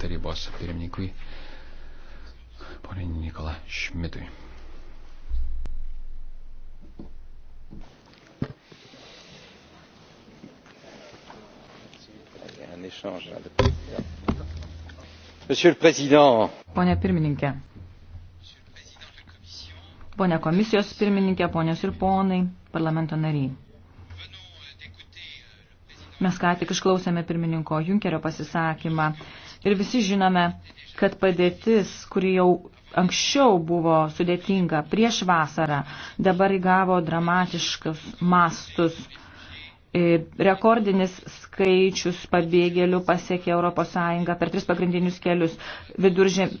tarybos pirmininkui, ponė Nikola Šmitui. Pone pirmininkė, Pone komisijos pirmininkė, ponios ir ponai, parlamento nariai. Mes ką tik išklausėme pirmininko Junkerio pasisakymą Ir visi žinome, kad padėtis, kuri jau anksčiau buvo sudėtinga prieš vasarą, dabar įgavo dramatiškus mastus. E, rekordinis skaičius pabėgėlių pasiekė ES per tris pagrindinius kelius, viduržėm,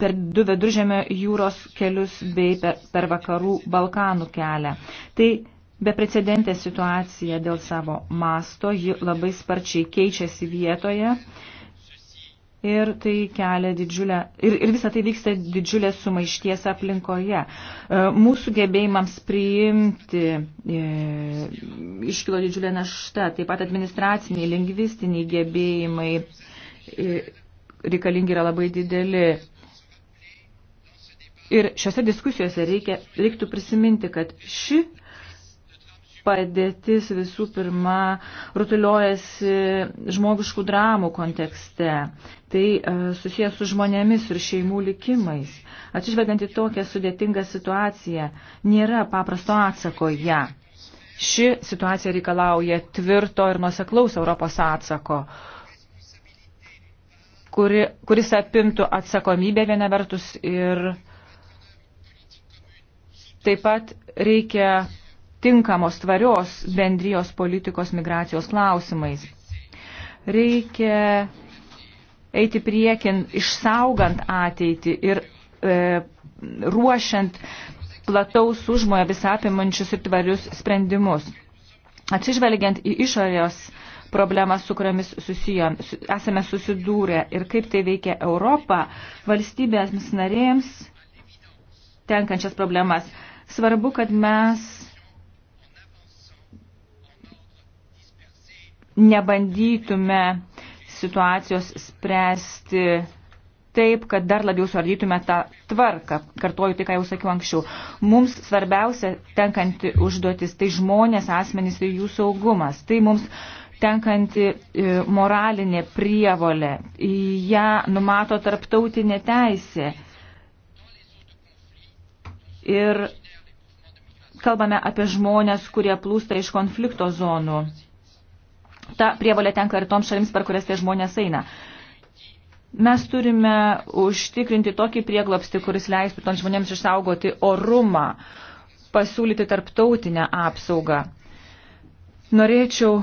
per du viduržėmio jūros kelius bei per, per vakarų Balkanų kelią. Tai beprecedentė situacija dėl savo masto, ji labai sparčiai keičiasi vietoje Ir tai kelia didžiulę, ir, ir visa tai vyksta didžiulė sumaišties aplinkoje. E, mūsų gebėjimams priimti e, iškilo didžiulė našta, taip pat administraciniai, lingvistiniai gebėjimai e, reikalingi yra labai dideli. Ir šiuose diskusijose reikia, reiktų prisiminti, kad ši padėtis visų pirma rutuliojasi žmogiškų dramų kontekste. Tai e, susijęs su žmonėmis ir šeimų likimais. Atsižvelgiant į tokią sudėtingą situaciją, nėra paprasto atsako ją. Ja. Ši situacija reikalauja tvirto ir nuseklaus Europos atsako kuri, kuris apimtų atsakomybę viena vertus ir taip pat reikia tinkamos tvarios bendrijos politikos migracijos klausimais. Reikia eiti priekin išsaugant ateitį ir e, ruošiant plataus užmoje visapimančius ir tvarius sprendimus. Atsižvelgiant į išorės problemas, su kuriamis susijom, su, esame susidūrę ir kaip tai veikia Europą, valstybės narėms tenkančias problemas. Svarbu, kad mes nebandytume situacijos spręsti taip, kad dar labiau suardytume tą tvarką. Kartuoju tai, ką jau sakiau anksčiau. Mums svarbiausia tenkanti užduotis tai žmonės, asmenys ir tai jų saugumas. Tai mums tenkanti e, moralinė prievolė. Ja numato tarptautinė teisė. Ir kalbame apie žmonės, kurie plūsta iš konflikto zonų ta prievalė tenka ir toms šalims, per kurias tie žmonės eina. Mes turime užtikrinti tokį prieglopstį, kuris leistų toms žmonėms išsaugoti orumą, pasiūlyti tarptautinę apsaugą. Norėčiau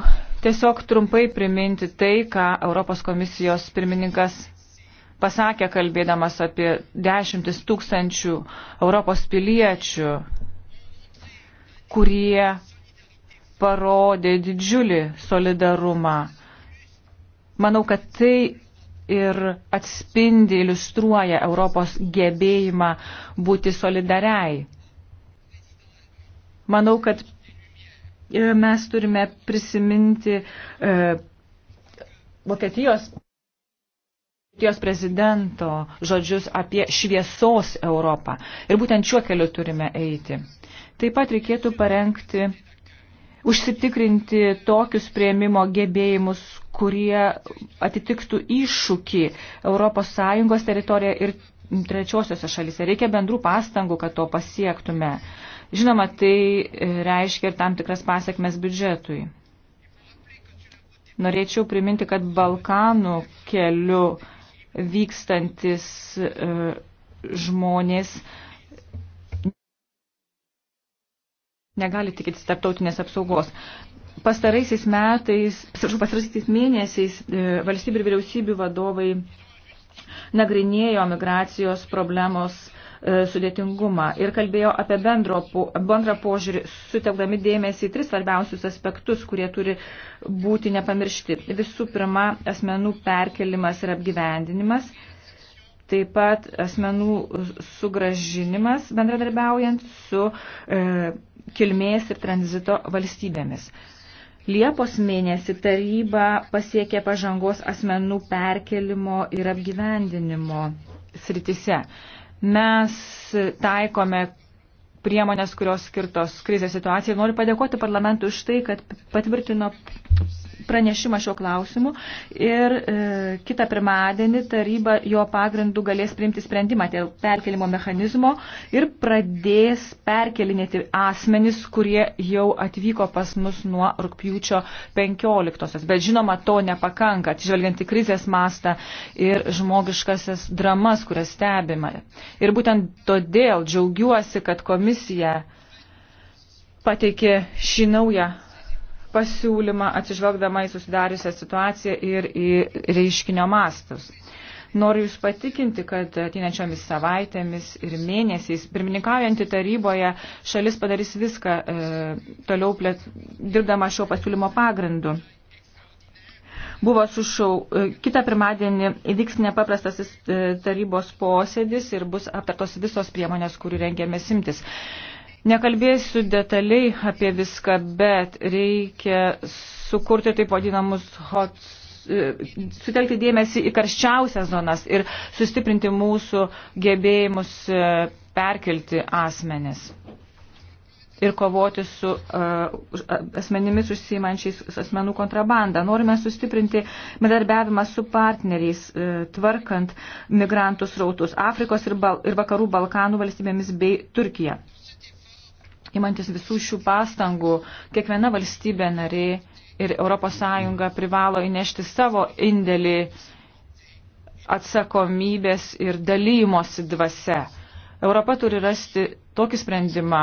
tiesiog trumpai priminti tai, ką Europos komisijos pirmininkas pasakė, kalbėdamas apie dešimtis tūkstančių Europos piliečių, kurie parodė didžiulį solidarumą. Manau, kad tai ir atspindi, iliustruoja Europos gebėjimą būti solidariai. Manau, kad e, mes turime prisiminti e, Vokietijos Vokietijos prezidento žodžius apie šviesos Europą. Ir būtent šiuo keliu turime eiti. Taip pat reikėtų parengti užsitikrinti tokius prieimimo gebėjimus, kurie atitiktų iššūkį ES teritoriją ir trečiosiose šalise. Reikia bendrų pastangų, kad to pasiektume. Žinoma, tai reiškia ir tam tikras pasiekmes biudžetui. Norėčiau priminti, kad Balkanų keliu vykstantis e, žmonės uh, negali tikėtis tarptautinės apsaugos. Pastaraisiais metais, pastaraisiais mėnesiais e, valstybių ir vyriausybių vadovai nagrinėjo migracijos problemos e, sudėtingumą ir kalbėjo apie bendro, bendrą požiūrį, sutelkdami dėmesį į tris svarbiausius aspektus, kurie turi būti nepamiršti. Visų pirma, asmenų perkelimas ir apgyvendinimas, taip pat asmenų sugražinimas bendradarbiaujant su e, kilmės ir tranzito valstybėmis. Liepos mėnesį taryba pasiekė pažangos asmenų perkelimo ir apgyvendinimo sritise. Mes taikome priemonės, kurios skirtos krizės situacijai. Noriu padėkoti parlamentui už tai, kad patvirtino pranešimą šio klausimu ir e, kitą pirmadienį taryba jo pagrindų galės priimti sprendimą dėl perkelimo mechanizmo ir pradės perkelinėti asmenis, kurie jau atvyko pas mus nuo rūpjūčio 15-osios. Bet žinoma, to nepakanka, atsižvelgiant į krizės mastą ir žmogiškasias dramas, kurias stebime. Ir būtent todėl džiaugiuosi, kad komisija pateikė šį naują pasiūlymą atsižvelgdama į susidariusią situaciją ir į reiškinio mastus. Noriu Jūs patikinti, kad ateinančiomis savaitėmis ir mėnesiais, pirmininkaujantį taryboje, šalis padarys viską e, toliau plėt, dirbdama šio pasiūlymo pagrindu. Buvo sušau, e, kitą pirmadienį įvyks nepaprastasis e, tarybos posėdis ir bus aptartos visos priemonės, kurių rengėmės imtis. E, Nekalbėsiu detaliai apie viską, bet reikia sukurti taip vadinamus hot e, sutelkti dėmesį į karščiausias zonas ir sustiprinti mūsų gebėjimus e, perkelti asmenis ir kovoti su uh, asmenimis užsiimančiais asmenų kontrabandą. Norime sustiprinti bendarbiavimą su partneriais, uh, tvarkant migrantų srautus Afrikos ir, Bal ir Vakarų Balkanų valstybėmis bei Turkija imantis visų šių pastangų, kiekviena valstybė narė ir ES privalo įnešti savo indėlį atsakomybės ir dalymosi dvasia. Europa turi rasti tokį sprendimą,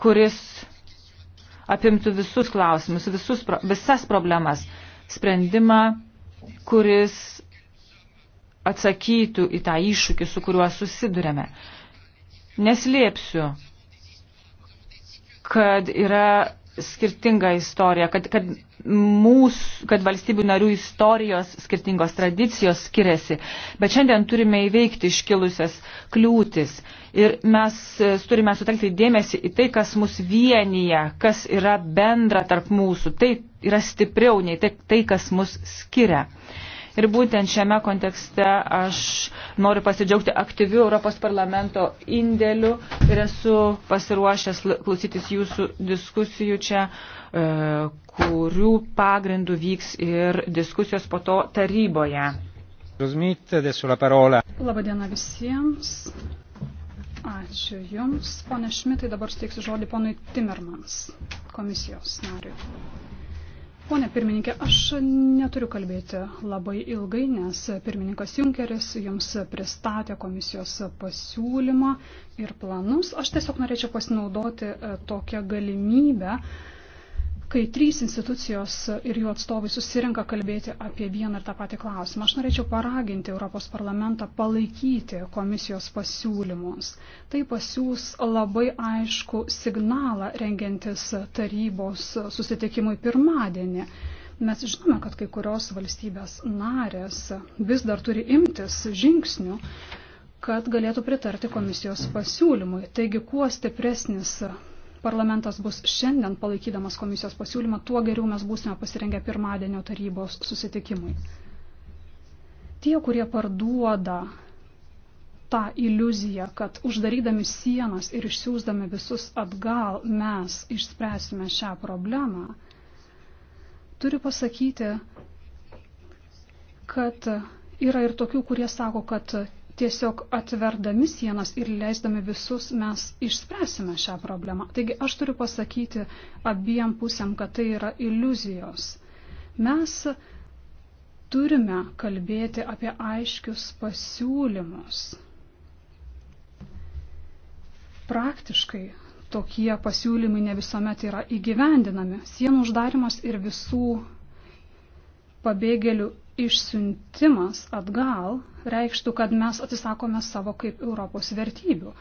kuris apimtų visus klausimus, visus, visas problemas. Sprendimą, kuris atsakytų į tą iššūkį, su kuriuo susidurėme. Neslėpsiu, kad yra skirtinga istorija, kad, kad, mūsų, kad valstybių narių istorijos skirtingos tradicijos skiriasi. Bet šiandien turime įveikti iškilusias kliūtis ir mes e, turime sutelkti dėmesį į tai, kas mus vienyje, kas yra bendra tarp mūsų. Tai yra stipriau nei tai, tai kas mus skiria. Uh, Ir būtent šiame kontekste aš noriu pasidžiaugti aktyviu Europos parlamento indėliu ir esu pasiruošęs klausytis jūsų diskusijų čia, e, kurių pagrindų vyks ir diskusijos po to taryboje. Labadiena visiems. Ačiū Jums, ponė Šmitai, dabar steiksiu žodį ponui Timmermans, komisijos nariui. Pone pirmininkė, aš neturiu kalbėti labai ilgai, nes pirmininkas Junkeris jums pristatė komisijos pasiūlymą ir planus. Aš tiesiog norėčiau pasinaudoti e, tokią galimybę kai trys institucijos ir jų atstovai susirenka kalbėti apie vieną ir tą patį klausimą. Aš norėčiau paraginti Europos parlamentą palaikyti komisijos pasiūlymus. Tai pasiūs labai aišku signalą rengiantis tarybos susitikimui pirmadienį. Mes žinome, kad kai kurios valstybės narės vis dar turi imtis žingsnių kad galėtų pritarti komisijos pasiūlymui. Taigi, kuo stipresnis parlamentas bus šiandien palaikydamas komisijos pasiūlymą, tuo geriau mes būsime pasirengę pirmadienio tarybos susitikimui. Tie, kurie parduoda tą iliuziją, kad uždarydami sienas ir išsiųsdami visus atgal mes išspręsime šią problemą, turiu pasakyti, kad yra ir tokių, kurie sako, kad tiesiog atverdami sienas ir leisdami visus mes išspręsime šią problemą. Taigi aš turiu pasakyti abiem pusėm, kad tai yra iliuzijos. Mes turime kalbėti apie aiškius pasiūlymus. Praktiškai tokie pasiūlymai ne visuomet yra įgyvendinami. Sienų uždarimas ir visų pabėgėlių išsiuntimas atgal reikštų, kad mes atsisakome savo kaip Europos vertybių.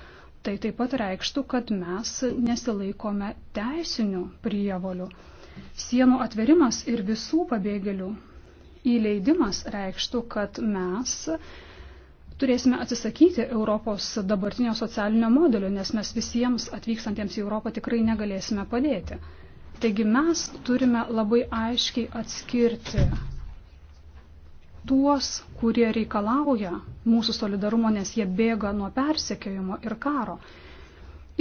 Tai taip pat reikštų, kad mes nesilaikome teisinių prievolių. Sienų atverimas ir visų pabėgėlių įleidimas reikštų, kad mes turėsime atsisakyti Europos dabartinio socialinio modelio, nes mes visiems atvykstantiems į Europą tikrai negalėsime padėti. Taigi mes turime labai aiškiai atskirti tuos, kurie reikalauja mūsų solidarumo, nes jie bėga nuo persekiojimo ir karo.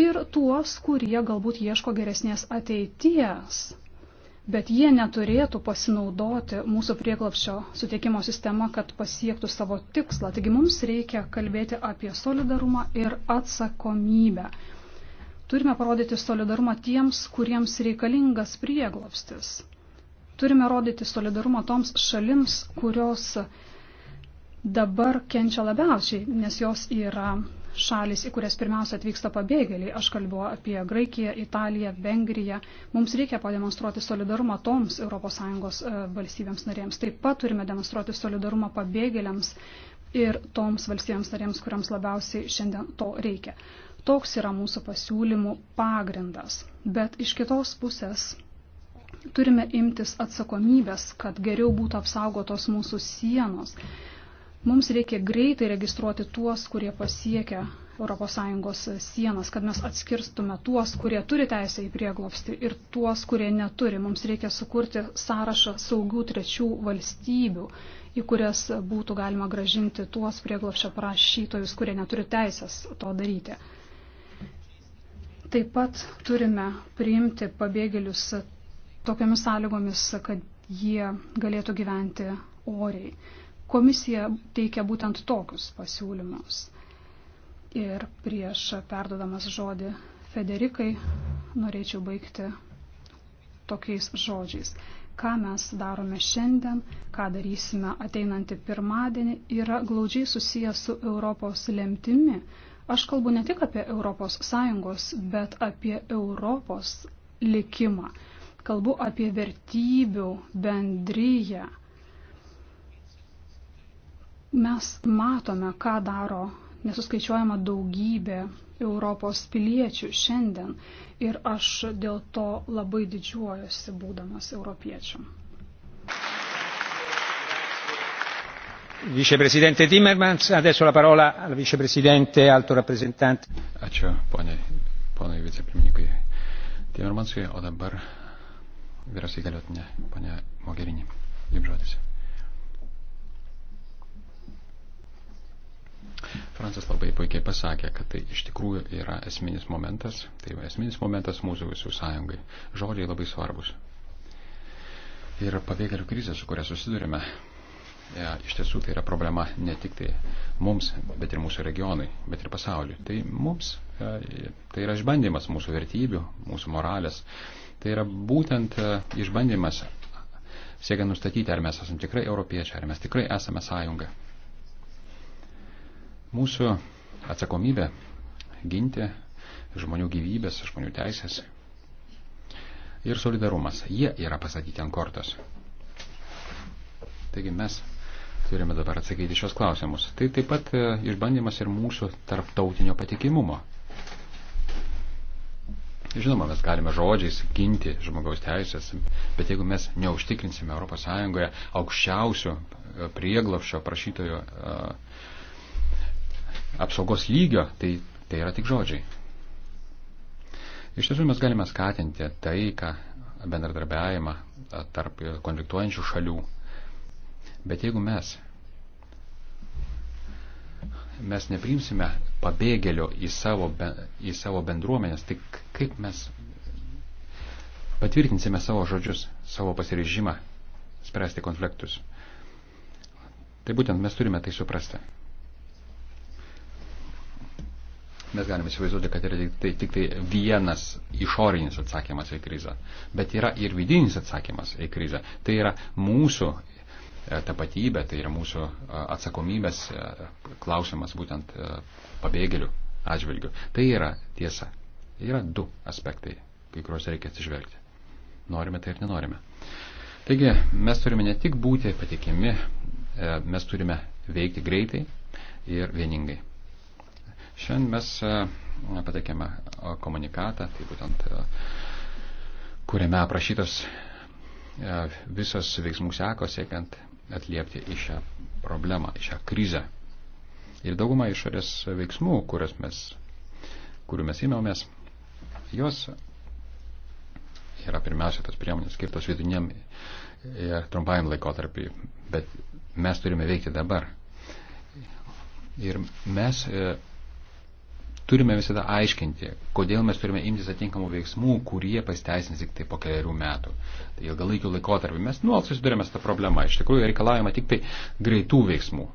Ir tuos, kurie galbūt ieško geresnės ateities, bet jie neturėtų pasinaudoti mūsų prieglapščio suteikimo sistema, kad pasiektų savo tikslą. Taigi mums reikia kalbėti apie solidarumą ir atsakomybę. Turime parodyti solidarumą tiems, kuriems reikalingas prieglapstis Turime rodyti solidarumą toms šalims, kurios dabar kenčia labiausiai, nes jos yra šalis, į kurias pirmiausia atvyksta pabėgėliai. Aš kalbu apie Graikiją, Italiją, Vengriją. Mums reikia pademonstruoti solidarumą toms ES e, valstybėms narėms. Taip pat turime demonstruoti solidarumą pabėgėliams ir toms valstybėms narėms, kuriams labiausiai šiandien to reikia. Toks yra mūsų pasiūlymų pagrindas. Bet iš kitos pusės Turime imtis atsakomybės, kad geriau būtų apsaugotos mūsų sienos. Mums reikia greitai registruoti tuos, kurie pasiekia ES sienas, kad mes atskirstume tuos, kurie turi teisę į prieglopstį ir tuos, kurie neturi. Mums reikia sukurti sąrašą saugių trečių valstybių, į kurias būtų galima gražinti tuos prieglopščio prašytojus, kurie neturi teisės to daryti. Taip pat turime priimti pabėgėlius tokiamis sąlygomis, kad jie galėtų gyventi oriai. Komisija teikia būtent tokius pasiūlymus. Ir prieš perdodamas žodį Federikai norėčiau baigti tokiais žodžiais. Ką mes darome šiandien, ką darysime ateinantį pirmadienį, yra glaudžiai susijęs su Europos lemtimi. Aš kalbu ne tik apie ES, bet apie Europos likimą kalbu apie vertybių bendryją. Mes matome, ką daro nesuskaičiuojama daugybė Europos piliečių šiandien ir aš dėl to labai didžiuojuosi būdamas europiečiu. Viceprezidente Timmermans, adesso la parola al viceprezidente alto rappresentante. Ačiū, poniai, poniai vicepirmininkai Timmermansui, o dabar Vyriausiai galiotinė, ponė Mogerinė, jums žodis. Francis labai puikiai pasakė, kad tai iš tikrųjų yra esminis momentas, tai esminis momentas mūsų visų sąjungai. Žodžiai labai svarbus. Ir pabėgėlių krizė, su kuria susidurime, ja, e, iš tiesų tai yra problema ne tik tai mums, bet ir mūsų regionui, bet ir pasauliu. Tai mums ja, e, tai yra išbandymas mūsų vertybių, mūsų moralės, Tai yra būtent e, išbandymas, siekiant nustatyti, ar mes esame tikrai europiečiai, ar mes tikrai esame sąjunga. Mūsų atsakomybė ginti žmonių gyvybės, žmonių teisės ir solidarumas. Jie yra pasakyti ant kortos. Taigi mes turime dabar atsakyti šios klausimus. Tai taip pat e, išbandymas ir mūsų tarptautinio patikimumo Žinoma, mes galime žodžiais ginti žmogaus teisės, bet jeigu mes neužtikrinsime ES aukščiausio e, prieglapšio prašytojo e, apsaugos lygio, tai, tai yra tik žodžiai. Iš tiesų mes galime skatinti taiką, bendradarbiavimą e, tarp konfliktuojančių šalių, bet jeigu mes mes neprimsime pabėgėlio į savo, į savo bendruomenės, tai kaip mes patvirtinsime savo žodžius, savo pasirežimą spręsti konfliktus. Tai būtent mes turime tai suprasti. Mes galime įsivaizduoti, kad yra tik tai, tik tai vienas išorinis atsakymas į krizę, bet yra ir vidinis atsakymas į krizę. Tai yra mūsų E, tapatybę, tai yra mūsų e, atsakomybės e, klausimas būtent pabėgėlių atžvilgių. Tai yra tiesa. Yra du aspektai, kai kuriuos reikia atsižvelgti. Norime tai ir nenorime. Taigi mes turime ne tik būti patikimi, mes turime veikti greitai ir vieningai. Šiandien mes patekėme komunikatą, tai būtent kuriame aprašytos visas veiksmų sekos siekiant atliepti į šią problemą, į šią krizę. Ir dauguma išorės veiksmų, mes, kurių mes įmėmės, jos yra pirmiausia tas priemonės skirtos vidiniam ir trumpajam laikotarpiai, bet mes turime veikti dabar. Ir mes e, turime visada aiškinti, kodėl mes turime imtis atinkamų veiksmų, kurie pasteisins tik tai po keliarių metų. Tai ilgalaikiu laikotarpiu mes nuolat susidurėme su tą problemą. Iš tikrųjų reikalaujama tik tai greitų veiksmų,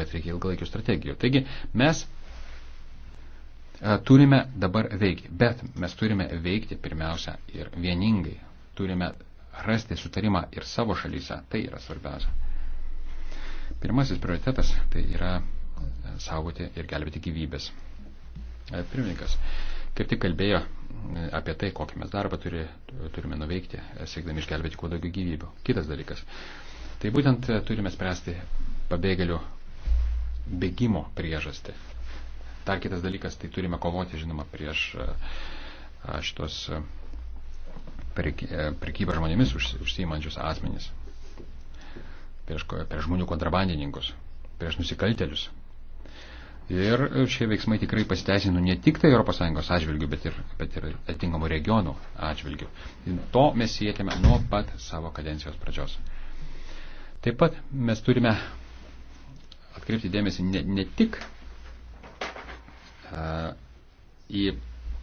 bet reikia ilgalaikių strategijų. Taigi mes e, turime dabar veikti, bet mes turime veikti pirmiausia ir vieningai. Turime rasti sutarimą ir savo šalyse. Tai yra svarbiausia. Pirmasis prioritetas tai yra saugoti ir gelbėti gyvybės. E, pirmininkas kaip tik kalbėjo e, apie tai, kokį mes darbą turi, turime nuveikti, e, siekdami išgelbėti kuo daugiau gyvybių. Kitas dalykas. Tai būtent turime spręsti pabėgėlių bėgimo priežastį. Dar kitas dalykas, tai turime kovoti, žinoma, prieš šitos prekybą žmonėmis užsiimančius asmenys, prieš, prieš žmonių kontrabandininkus, prieš nusikaltelius, Ir šie veiksmai tikrai pasiteisino ne tik tai ES atžvilgių, bet ir, bet ir atitinkamų regionų atžvilgių. To mes siekiame nuo pat savo kadencijos pradžios. Taip pat mes turime atkreipti dėmesį ne, ne tik uh, į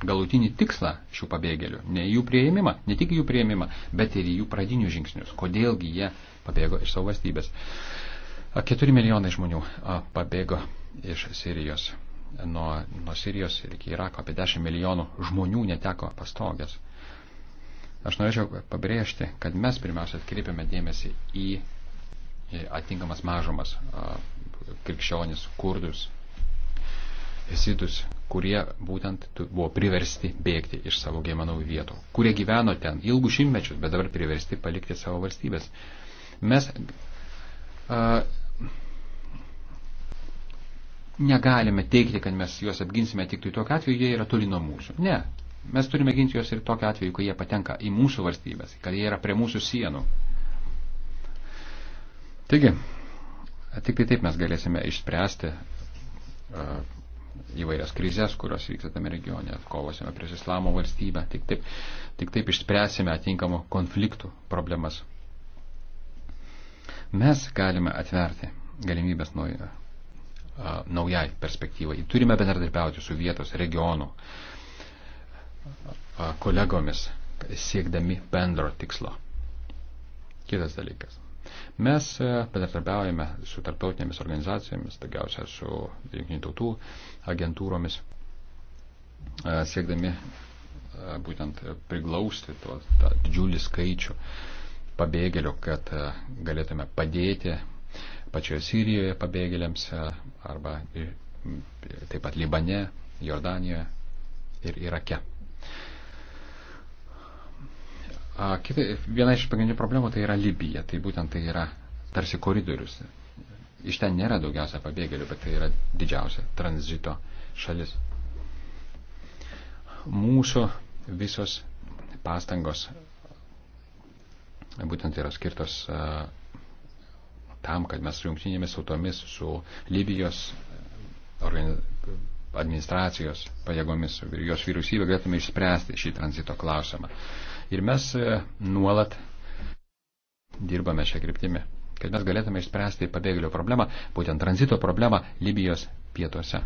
galutinį tikslą šių pabėgėlių, ne jų prieimimą, ne tik jų prieimimą, bet ir jų pradinius žingsnius, kodėlgi jie pabėgo iš savo valstybės. Uh, 4 milijonai žmonių pabėgo iš Sirijos. Nuo, nuo Sirijos ir iki Irako apie 10 milijonų žmonių neteko pastogės. Aš norėčiau pabrėžti, kad mes pirmiausia atkreipiame dėmesį į atinkamas mažumas krikščionis, kurdus, esidus, kurie būtent buvo priversti bėgti iš savo gėmanų vietų, kurie gyveno ten ilgų šimtmečius, bet dabar priversti palikti savo valstybės. Mes a, negalime teikti, kad mes juos apginsime tik tai tokiu atveju, jie yra toli nuo mūsų. Ne. Mes turime ginti juos ir tokiu atveju, kai jie patenka į mūsų valstybės, kad jie yra prie mūsų sienų. Taigi, tik tai taip mes galėsime išspręsti uh, įvairias krizės, kurios vyksta tame regione, kovosime prieš islamo valstybę, tik taip, tik taip išspręsime atinkamų konfliktų problemas. Mes galime atverti galimybės nauja, naujai perspektyvai. Turime bendradarbiauti su vietos regionų kolegomis, siekdami bendro tikslo. Kitas dalykas. Mes bendradarbiaujame su tarptautinėmis organizacijomis, daugiausia su jungtinių tautų agentūromis, siekdami būtent priglausti to, tą didžiulį skaičių pabėgėlių, kad e, galėtume padėti pačioje Sirijoje pabėgėliams e, arba taip pat Libane, Jordanijoje ir Irake. Kita, viena iš pagrindinių problemų tai yra Libija. Tai būtent tai yra tarsi koridorius. Iš ten nėra daugiausia pabėgėlių, bet tai yra didžiausia tranzito šalis. Mūsų visos pastangos būtent yra skirtos e, tam, kad mes su jungtinėmis tautomis, su Libijos e, administracijos pajėgomis ir jos vyriausybė galėtume išspręsti šį tranzito klausimą. Ir mes e, nuolat dirbame šią kryptimį, kad mes galėtume išspręsti pabėgėlių problemą, būtent tranzito problemą Libijos pietuose.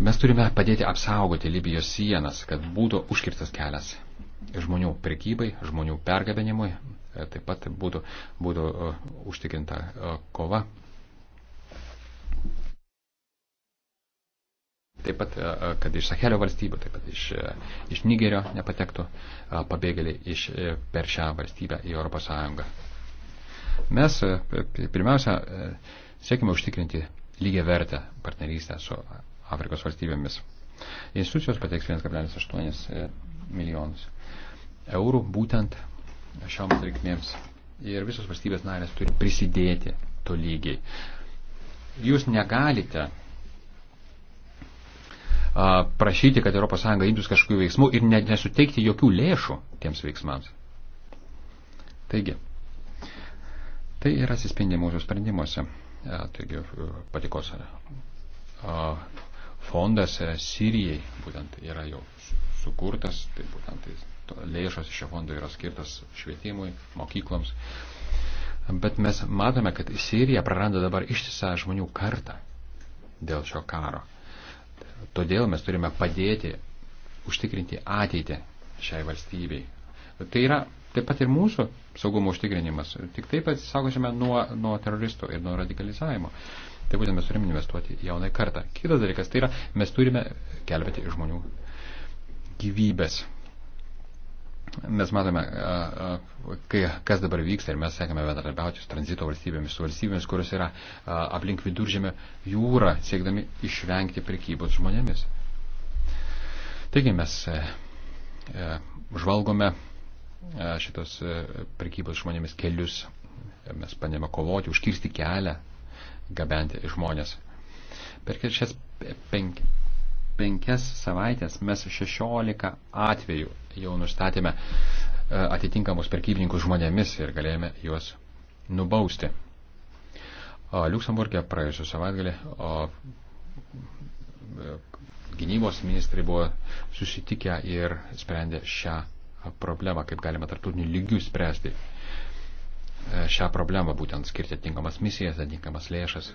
Mes turime padėti apsaugoti Libijos sienas, kad būtų užkirtas kelias žmonių prekybai, žmonių pergabenimui, e, taip pat būtų, būtų e, užtikrinta e, kova. Taip pat, kad iš Sahelio valstybių, taip pat iš, iš Nigerio nepatektų pabėgėliai iš, per šią valstybę į ES. Mes pirmiausia siekime užtikrinti lygiai vertę partnerystę su Afrikos valstybėmis. Institucijos pateiks 1,8 e, milijonus eurų būtent šioms reikmėms. Ir visos valstybės narės turi prisidėti to lygiai. Jūs negalite a, prašyti, kad ES imtųsi kažkokių veiksmų ir ne, nesuteikti jokių lėšų tiems veiksmams. Taigi, tai yra atsispindi mūsų sprendimuose. A, taigi, patikos a, fondas e, Sirijai būtent yra jau sukurtas, tai būtent tai lėšos iš šio fondo yra skirtas švietimui, mokykloms. Bet mes matome, kad Sirija praranda dabar ištisą žmonių kartą dėl šio karo. Todėl mes turime padėti užtikrinti ateitį šiai valstybei. Tai yra taip pat ir mūsų saugumo užtikrinimas. Tik taip atsisaugosime nuo, nuo teroristų ir nuo radikalizavimo. Uh, Tai būtent mes turime investuoti jauną kartą. Kitas dalykas tai yra, mes turime gelbėti žmonių gyvybės. Mes matome, kai, kas dabar vyksta ir mes sekame bendradarbiauti su tranzito valstybėmis, su valstybėmis, kurios yra aplink viduržėmio jūrą, siekdami išvengti prekybos žmonėmis. Taigi mes žvalgome šitos prekybos žmonėmis kelius, mes panėme kovoti, užkirsti kelią gabenti žmonės. Per šias penk, penkias savaitės mes 16 atvejų jau nustatėme e, atitinkamus prekybininkus žmonėmis ir galėjome juos nubausti. Liuksemburgė praėjusią savaitgalį e, gynybos ministrai buvo susitikę ir sprendė šią problemą, kaip galima tartutinių lygių spręsti E, šią problemą, būtent skirti atinkamas misijas, atinkamas lėšas.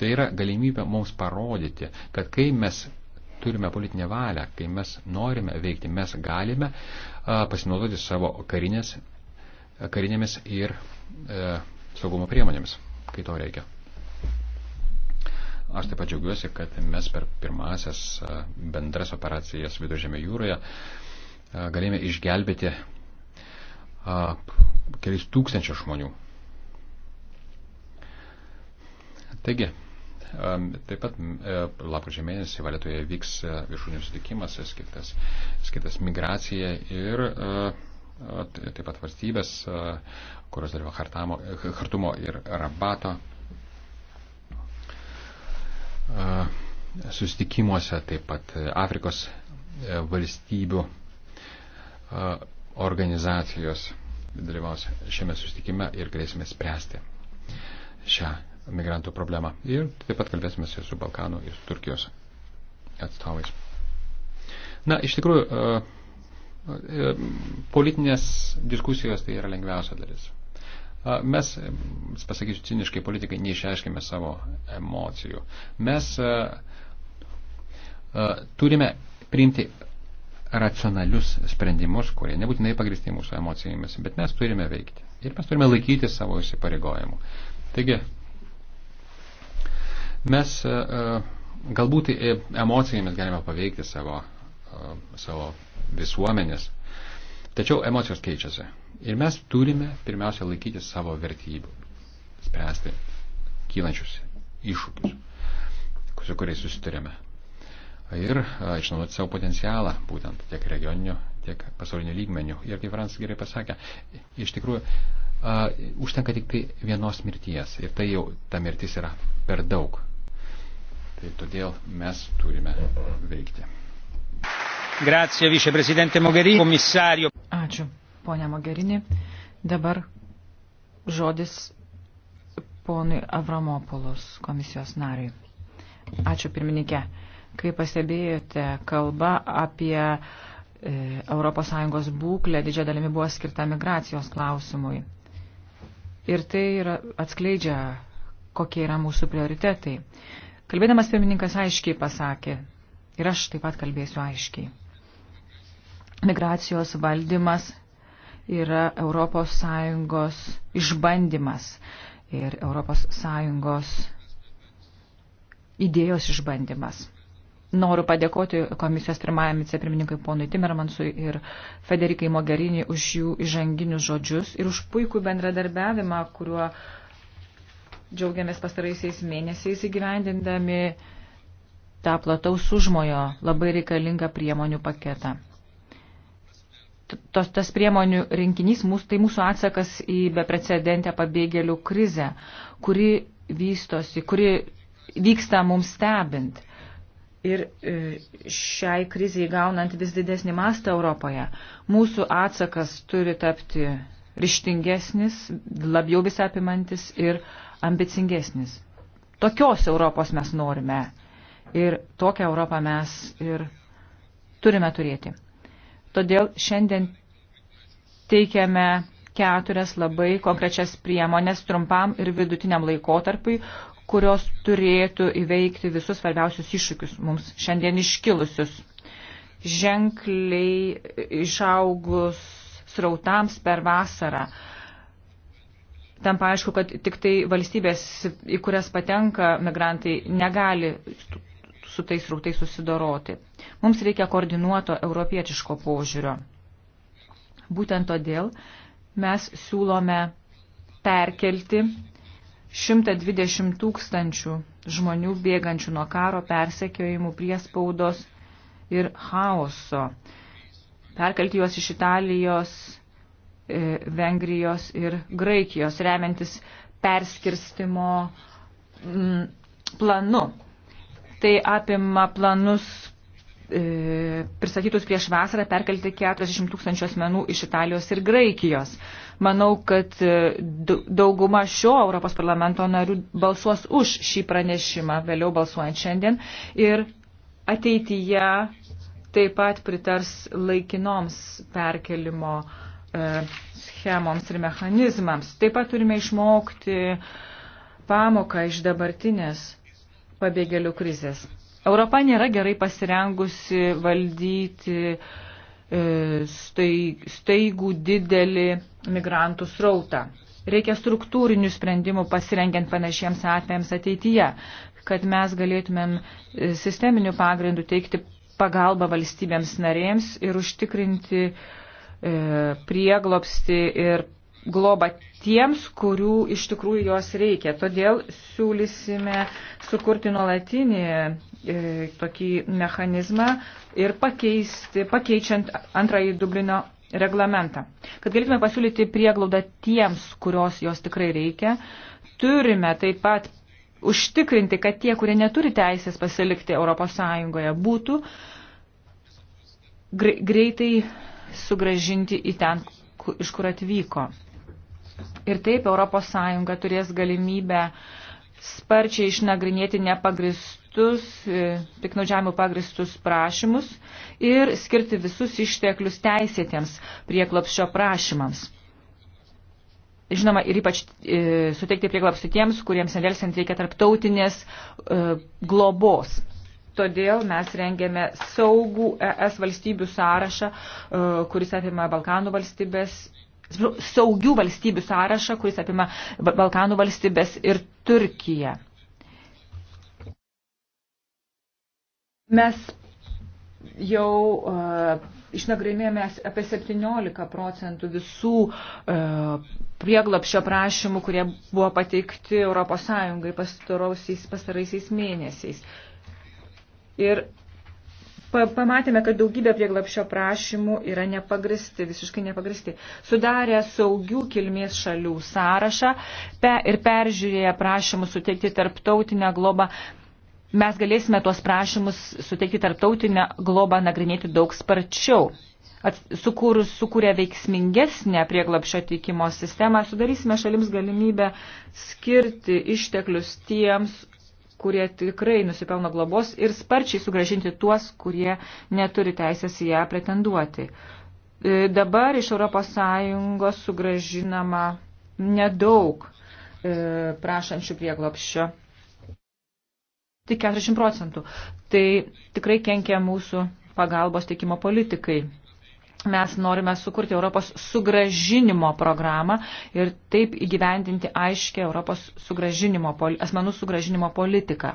Tai yra galimybė mums parodyti, kad kai mes turime politinę valią, kai mes norime veikti, mes galime e, pasinaudoti savo karinės, karinėmis ir e, saugumo priemonėmis, kai to reikia. Aš taip pat džiaugiuosi, kad mes per pirmasias e, bendras operacijas Viduržėmė jūroje galėjome išgelbėti keliais tūkstančių žmonių. Taigi, taip pat e, lapkričio mėnesį Valetoje vyks e, viršūnių sutikimas e, skirtas, skirtas migracija ir taip pat valstybės, kurios dalyva Hartumo ir Rabato susitikimuose, taip pat Afrikos valstybių organizacijos dalyvaus šiame susitikime ir galėsime spręsti šią migrantų problemą. Ir taip pat kalbėsime su Balkanų ir su Turkijos atstovais. Na, iš tikrųjų, e, e, politinės diskusijos tai yra lengviausia dalis. E, mes, pasakysiu ciniškai, politikai neišreiškime savo emocijų. Mes turime priimti racionalius sprendimus, kurie nebūtinai pagristi mūsų emocijomis, bet mes turime veikti. Ir mes turime laikyti savo įsipareigojimų. Taigi, mes e, e, galbūt e, emocijomis galime paveikti savo, savo visuomenės, tačiau emocijos keičiasi. Ir mes turime pirmiausia laikyti savo vertybių, spręsti kylančius iššūkius, su kuriais susitarėme ir išnaudoti savo potencialą, būtent tiek regioniniu, tiek pasauliniu lygmeniu. Ir kaip Fransas gerai pasakė, iš tikrųjų a, užtenka tik tai vienos mirties ir tai jau ta mirtis yra per daug. Tai todėl mes turime veikti. Grazie, viceprezidente Mogherini, komisario. Ačiū, ponia Mogherini. Dabar žodis ponui Avramopolos komisijos nariui. Ačiū pirmininkė. Kaip pastebėjote, kalba apie ES būklę didžia dalimi buvo skirta migracijos klausimui. Ir tai yra, atskleidžia, kokie yra mūsų prioritetai. Kalbėdamas pirmininkas aiškiai pasakė, ir aš taip pat kalbėsiu aiškiai. Migracijos valdymas yra ES išbandymas ir ES idėjos išbandymas. Noriu padėkoti komisijos pirmajam vicepirmininkui ponui Timermansui ir Federikai Mogherini už jų įžanginius žodžius ir už puikų bendradarbiavimą, kuriuo džiaugiamės pastaraisiais mėnesiais įgyvendindami tą plataus užmojo labai reikalingą priemonių paketą. Tos, tas priemonių rinkinys mūsų, tai mūsų atsakas į beprecedentę pabėgėlių krizę, kuri vystosi, kuri vyksta mums stebint ir e, šiai kriziai gaunant vis didesnį mastą Europoje, mūsų atsakas turi tapti ryštingesnis, labiau visapimantis ir ambicingesnis. Tokios Europos mes norime ir tokią Europą mes ir turime turėti. Todėl šiandien teikiame keturias labai konkrečias priemonės trumpam ir vidutiniam laikotarpiui, kurios turėtų įveikti visus svarbiausius iššūkius mums šiandien iškilusius. Ženkliai išaugus srautams per vasarą. Tam paaišku, kad tik tai valstybės, į kurias patenka migrantai, negali su tais srautais susidoroti. Mums reikia koordinuoto europietiško požiūrio. Būtent todėl mes siūlome perkelti 120 tūkstančių žmonių bėgančių nuo karo persekiojimų priespaudos ir chaoso. Perkelti juos iš Italijos, e, Vengrijos ir Graikijos, remiantis perskirstimo mm, planu. Tai apima planus E, pristatytus prieš vasarą perkelti 40 tūkstančių asmenų iš Italijos ir Graikijos. Manau, kad e, dauguma šio Europos parlamento narių balsuos už šį pranešimą, vėliau balsuojant šiandien, ir ateityje taip pat pritars laikinoms perkelimo e, schemoms ir mechanizmams. Taip pat turime išmokti pamoką iš dabartinės pabėgėlių krizės. Europa nėra gerai pasirengusi valdyti e, staigų didelį migrantų srautą. Reikia struktūrinių sprendimų pasirengiant panašiems atvejams ateityje, kad mes galėtumėm e, sisteminių pagrindų teikti pagalbą valstybėms narėms ir užtikrinti e, prieglopsti ir globą tiems, kurių iš tikrųjų jos reikia. Todėl siūlysime sukurti nuolatinį e, tokį mechanizmą ir pakeisti, pakeičiant antrąjį Dublino reglamentą. Kad galėtume pasiūlyti prieglaudą tiems, kurios jos tikrai reikia, turime taip pat užtikrinti, kad tie, kurie neturi teisės pasilikti ES, būtų greitai sugražinti į ten, iš kur atvyko. Ir taip ES turės galimybę sparčiai išnagrinėti nepagristus, e, piknaudžiavimų pagristus prašymus ir skirti visus išteklius teisėtiems prieklapščio prašymams. Žinoma, ir ypač e, suteikti prieglapstį tiems, kuriems nedėlsiant reikia tarptautinės e, globos. Todėl mes rengėme saugų ES valstybių sąrašą, e, kuris apima Balkanų valstybės saugių valstybių sąrašą, kuris apima Balkanų valstybės ir Turkiją. Mes jau uh, išnagrinėjome apie 17 procentų visų uh, prieglapšio prašymų, kurie buvo pateikti ES pastaraisiais mėnesiais. Ir pamatėme, kad daugybė prieglapšio prašymų yra nepagristi, visiškai nepagristi. Sudarė saugių kilmės šalių sąrašą pe, ir peržiūrėję prašymus suteikti tarptautinę globą, mes galėsime tuos prašymus suteikti tarptautinę globą nagrinėti daug sparčiau. Sukūrus sukūrė veiksmingesnę prieglapšio teikimo sistemą, sudarysime šalims galimybę skirti išteklius tiems, kurie tikrai nusipelno globos ir sparčiai sugražinti tuos, kurie neturi teisės į ją pretenduoti. E, dabar iš ES sugražinama nedaug e, prašančių prieglopščio. Tik 40 procentų. Tai tikrai kenkia mūsų pagalbos teikimo politikai mes norime sukurti Europos sugražinimo programą ir taip įgyvendinti aiškę Europos sugražinimo, asmenų sugražinimo politiką.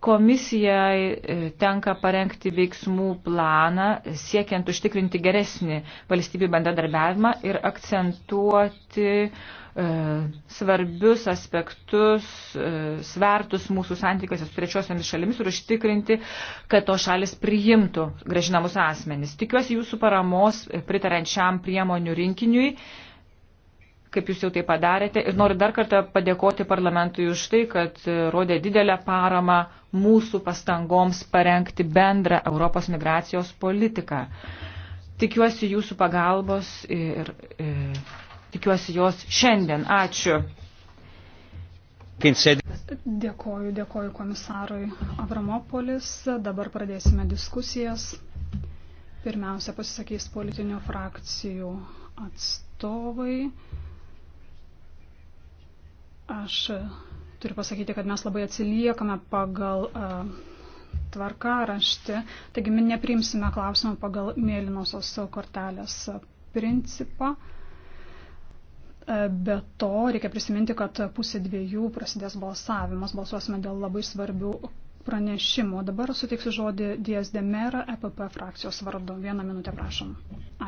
Komisijai e, tenka parengti veiksmų planą, siekiant užtikrinti geresnį valstybių bendradarbiavimą ir akcentuoti e, svarbius aspektus, e, svertus mūsų santykiuose su trečiosiamis šalimis ir užtikrinti, kad to šalis priimtų gražinamus asmenis. Tikiuosi jūsų paramos e, pritariant šiam priemonių rinkiniui kaip jūs jau tai padarėte. Ir noriu dar kartą padėkoti parlamentui už tai, kad e, rodė didelę paramą mūsų pastangoms parengti bendrą Europos migracijos politiką. Tikiuosi jūsų pagalbos ir, ir e, tikiuosi jos šiandien. Ačiū. Dėkoju, dėkoju komisarui Avramopolis. Dabar pradėsime diskusijas. Pirmiausia pasisakys politinių frakcijų atstovai. Aš e, turiu pasakyti, kad mes labai atsiliekame pagal e, tvarką rašti, taigi mes nepriimsime klausimą pagal mėlynosios kortelės principą. E, be to, reikia prisiminti, kad pusė dviejų prasidės balsavimas. Balsuosime dėl labai svarbių pranešimų. Dabar suteiksiu žodį Dies Demera EPP frakcijos vardu. Vieną minutę prašom.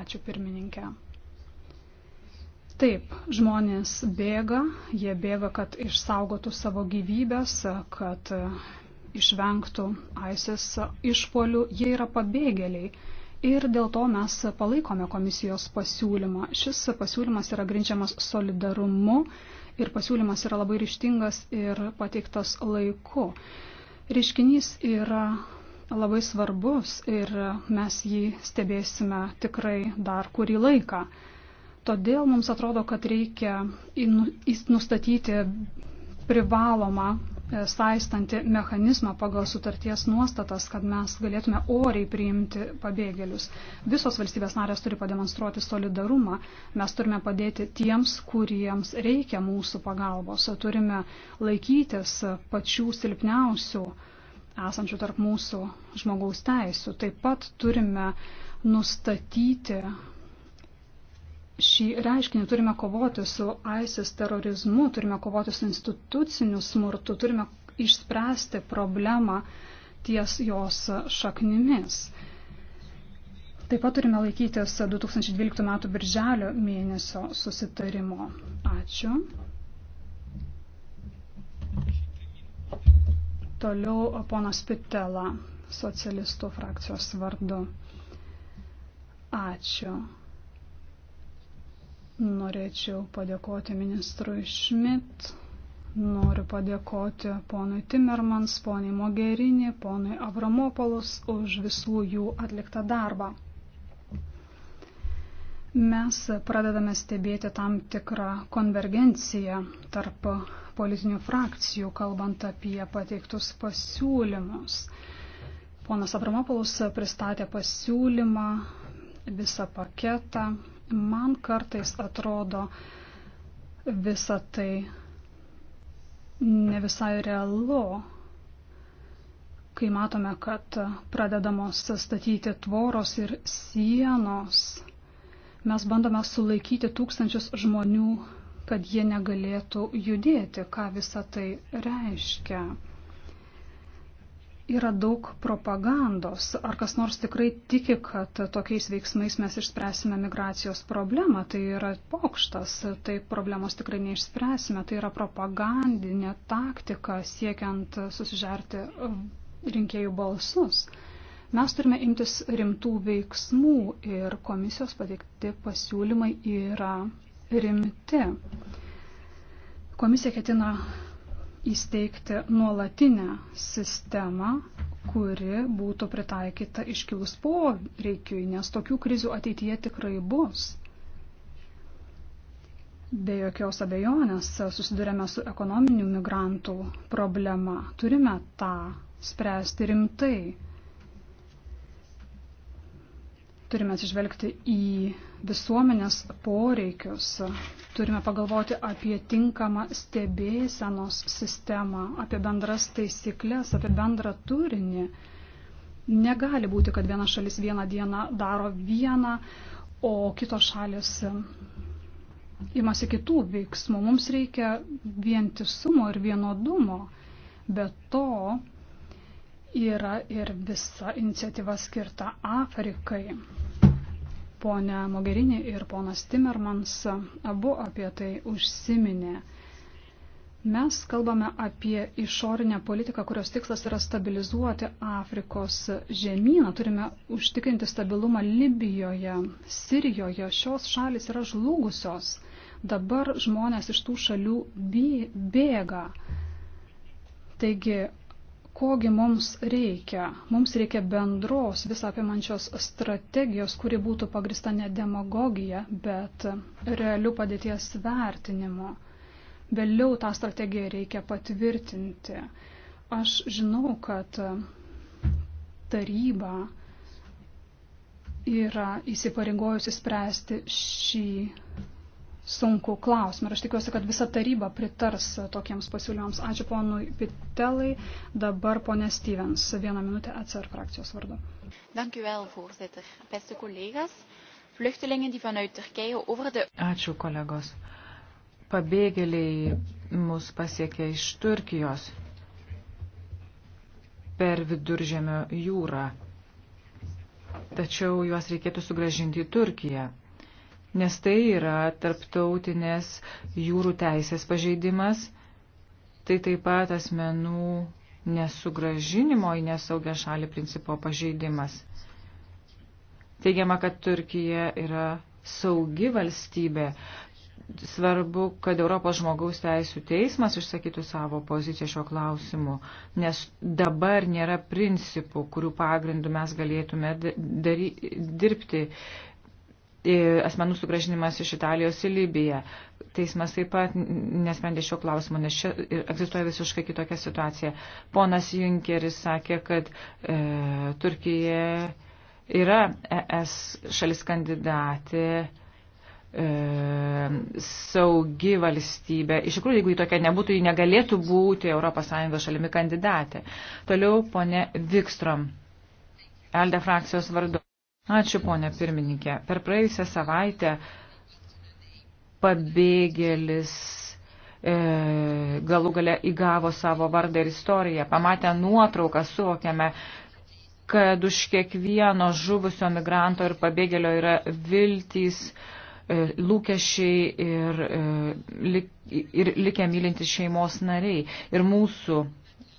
Ačiū pirmininkė. Taip, žmonės bėga, jie bėga, kad išsaugotų savo gyvybės, kad išvengtų ISIS išpolių, jie yra pabėgėliai. Ir dėl to mes palaikome komisijos pasiūlymą. Šis pasiūlymas yra grindžiamas solidarumu ir pasiūlymas yra labai ryštingas ir pateiktas laiku. Reiškinys yra labai svarbus ir mes jį stebėsime tikrai dar kurį laiką. Todėl mums atrodo, kad reikia nu, nustatyti privalomą e, saistanti mechanizmą pagal sutarties nuostatas, kad mes galėtume oriai priimti pabėgėlius. Visos valstybės narės turi pademonstruoti solidarumą. Mes turime padėti tiems, kuriems reikia mūsų pagalbos. Turime laikytis pačių silpniausių esančių tarp mūsų žmogaus teisų. Taip pat turime nustatyti šį reiškinį, turime kovoti su ISIS terorizmu, turime kovoti su instituciniu smurtu, turime išspręsti problemą ties jos šaknimis. Taip pat turime laikytis 2012 m. birželio mėnesio susitarimo. Ačiū. Toliau ponas Pitela, socialistų frakcijos vardu. Ačiū. Norėčiau padėkoti ministrui Šmit, noriu padėkoti ponui Timmermans, poniai Mogerini, ponui Avramopolus už visų jų atliktą darbą. Mes pradedame stebėti tam tikrą konvergenciją tarp politinių frakcijų, kalbant apie pateiktus pasiūlymus. Ponas Avramopolus pristatė pasiūlymą, visą paketą Man kartais atrodo visa tai ne visai realu, kai matome, kad pradedamos statyti tvoros ir sienos. Mes bandome sulaikyti tūkstančius žmonių, kad jie negalėtų judėti, ką visa tai reiškia yra daug propagandos. Ar kas nors tikrai tiki, kad tokiais veiksmais mes išspręsime migracijos problemą? Tai yra pokštas, tai problemos tikrai neišspręsime. Tai yra propagandinė taktika siekiant susižerti rinkėjų balsus. Mes turime imtis rimtų veiksmų ir komisijos pateikti pasiūlymai yra rimti. Komisija ketina įsteigti nuolatinę sistemą, kuri būtų pritaikyta iškilus poreikiui, nes tokių krizių ateityje tikrai bus. Be jokios abejonės susidurėme su ekonominių migrantų problema. Turime tą spręsti rimtai. Turime atsižvelgti į visuomenės poreikius, turime pagalvoti apie tinkamą stebėsenos sistemą, apie bendras taisyklės, apie bendrą turinį. Negali būti, kad viena šalis vieną dieną daro vieną, o kitos šalis imasi kitų veiksmų. Mums reikia vientisumo ir vienodumo. Be to yra ir visa iniciatyva skirta Afrikai. Pone Mogherini ir ponas Timmermans abu apie tai užsiminė. Mes kalbame apie išorinę politiką, kurios tikslas yra stabilizuoti Afrikos žemyną. Turime užtikrinti stabilumą Libijoje, Sirijoje. Šios šalis yra žlugusios. Dabar žmonės iš tų šalių bėga. Taigi kogi mums reikia. Mums reikia bendros visapimančios strategijos, kuri būtų pagrista ne demagogija, bet realių padėties vertinimu. Vėliau tą strategiją reikia patvirtinti. Aš žinau, kad taryba yra įsipareigojusi spręsti šį sunku klausimą. Ir aš tikiuosi, kad visa taryba pritars tokiems pasiūlymams. Ačiū ponui Pitelai. Dabar ponė Stevens, vieną minutę atsar frakcijos vardu. Dank u wel, voorzitter. Beste collega's, vluchtelingen die vanuit Turkije over de... Ačiū, kolegos. Pabėgėliai mus pasiekė iš Turkijos per viduržėmio jūrą. Tačiau juos reikėtų sugražinti į Turkiją nes tai yra tarptautinės jūrų teisės pažeidimas, tai taip pat asmenų nesugražinimo į nesaugę šalį principo pažeidimas. Teigiama, kad Turkija yra saugi valstybė. Svarbu, kad Europos žmogaus teisų teismas išsakytų savo poziciją šio klausimu, nes dabar nėra principų, kurių pagrindų mes galėtume dary, dirbti asmenų sugražinimas iš Italijos į Libiją. Teismas taip pat nesprendė šio klausimo, nes čia egzistuoja visiškai kitokia situacija. Ponas Junkeris sakė, kad e, Turkija yra ES šalis kandidatė e, saugi valstybė. Iš tikrųjų, jeigu jį tokia nebūtų, jį negalėtų būti ES šalimi kandidatė. Toliau, ponė Vikstrom, Elde frakcijos vardu. Ačiū, ponė pirmininkė. Per praėjusią savaitę pabėgėlis e, galų gale įgavo savo vardą ir istoriją. Pamatę nuotrauką suvokiame, kad už kiekvieno žuvusio migranto ir pabėgėlio yra viltys, e, lūkesčiai ir, e, lik, ir likę mylintis šeimos nariai. Ir mūsų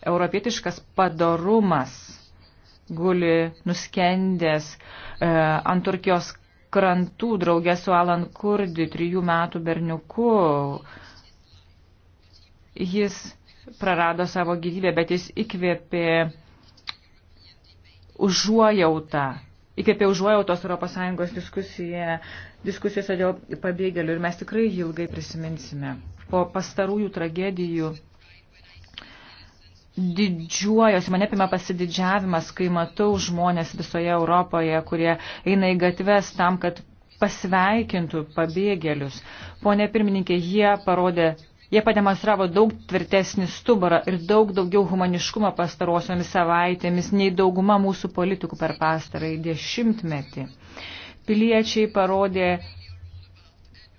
europietiškas padarumas guli nuskendęs e, ant Turkijos krantų draugė su Alan Kurdi, trijų metų berniuku. Jis prarado savo gyvybę, bet jis įkvėpė užuojautą. Įkvėpė užuojautos ES diskusiją, diskusijose dėl pabėgėlių ir mes tikrai ilgai prisiminsime. Po pastarųjų tragedijų didžiuojuosi, mane pima pasididžiavimas, kai matau žmonės visoje Europoje, kurie eina į gatves tam, kad pasveikintų pabėgėlius. Pone pirmininkė, jie parodė, jie pademonstravo daug tvirtesnį stuburą ir daug daugiau humaniškumo pastarosiomis savaitėmis nei dauguma mūsų politikų per pastarąjį dešimtmetį. Piliečiai parodė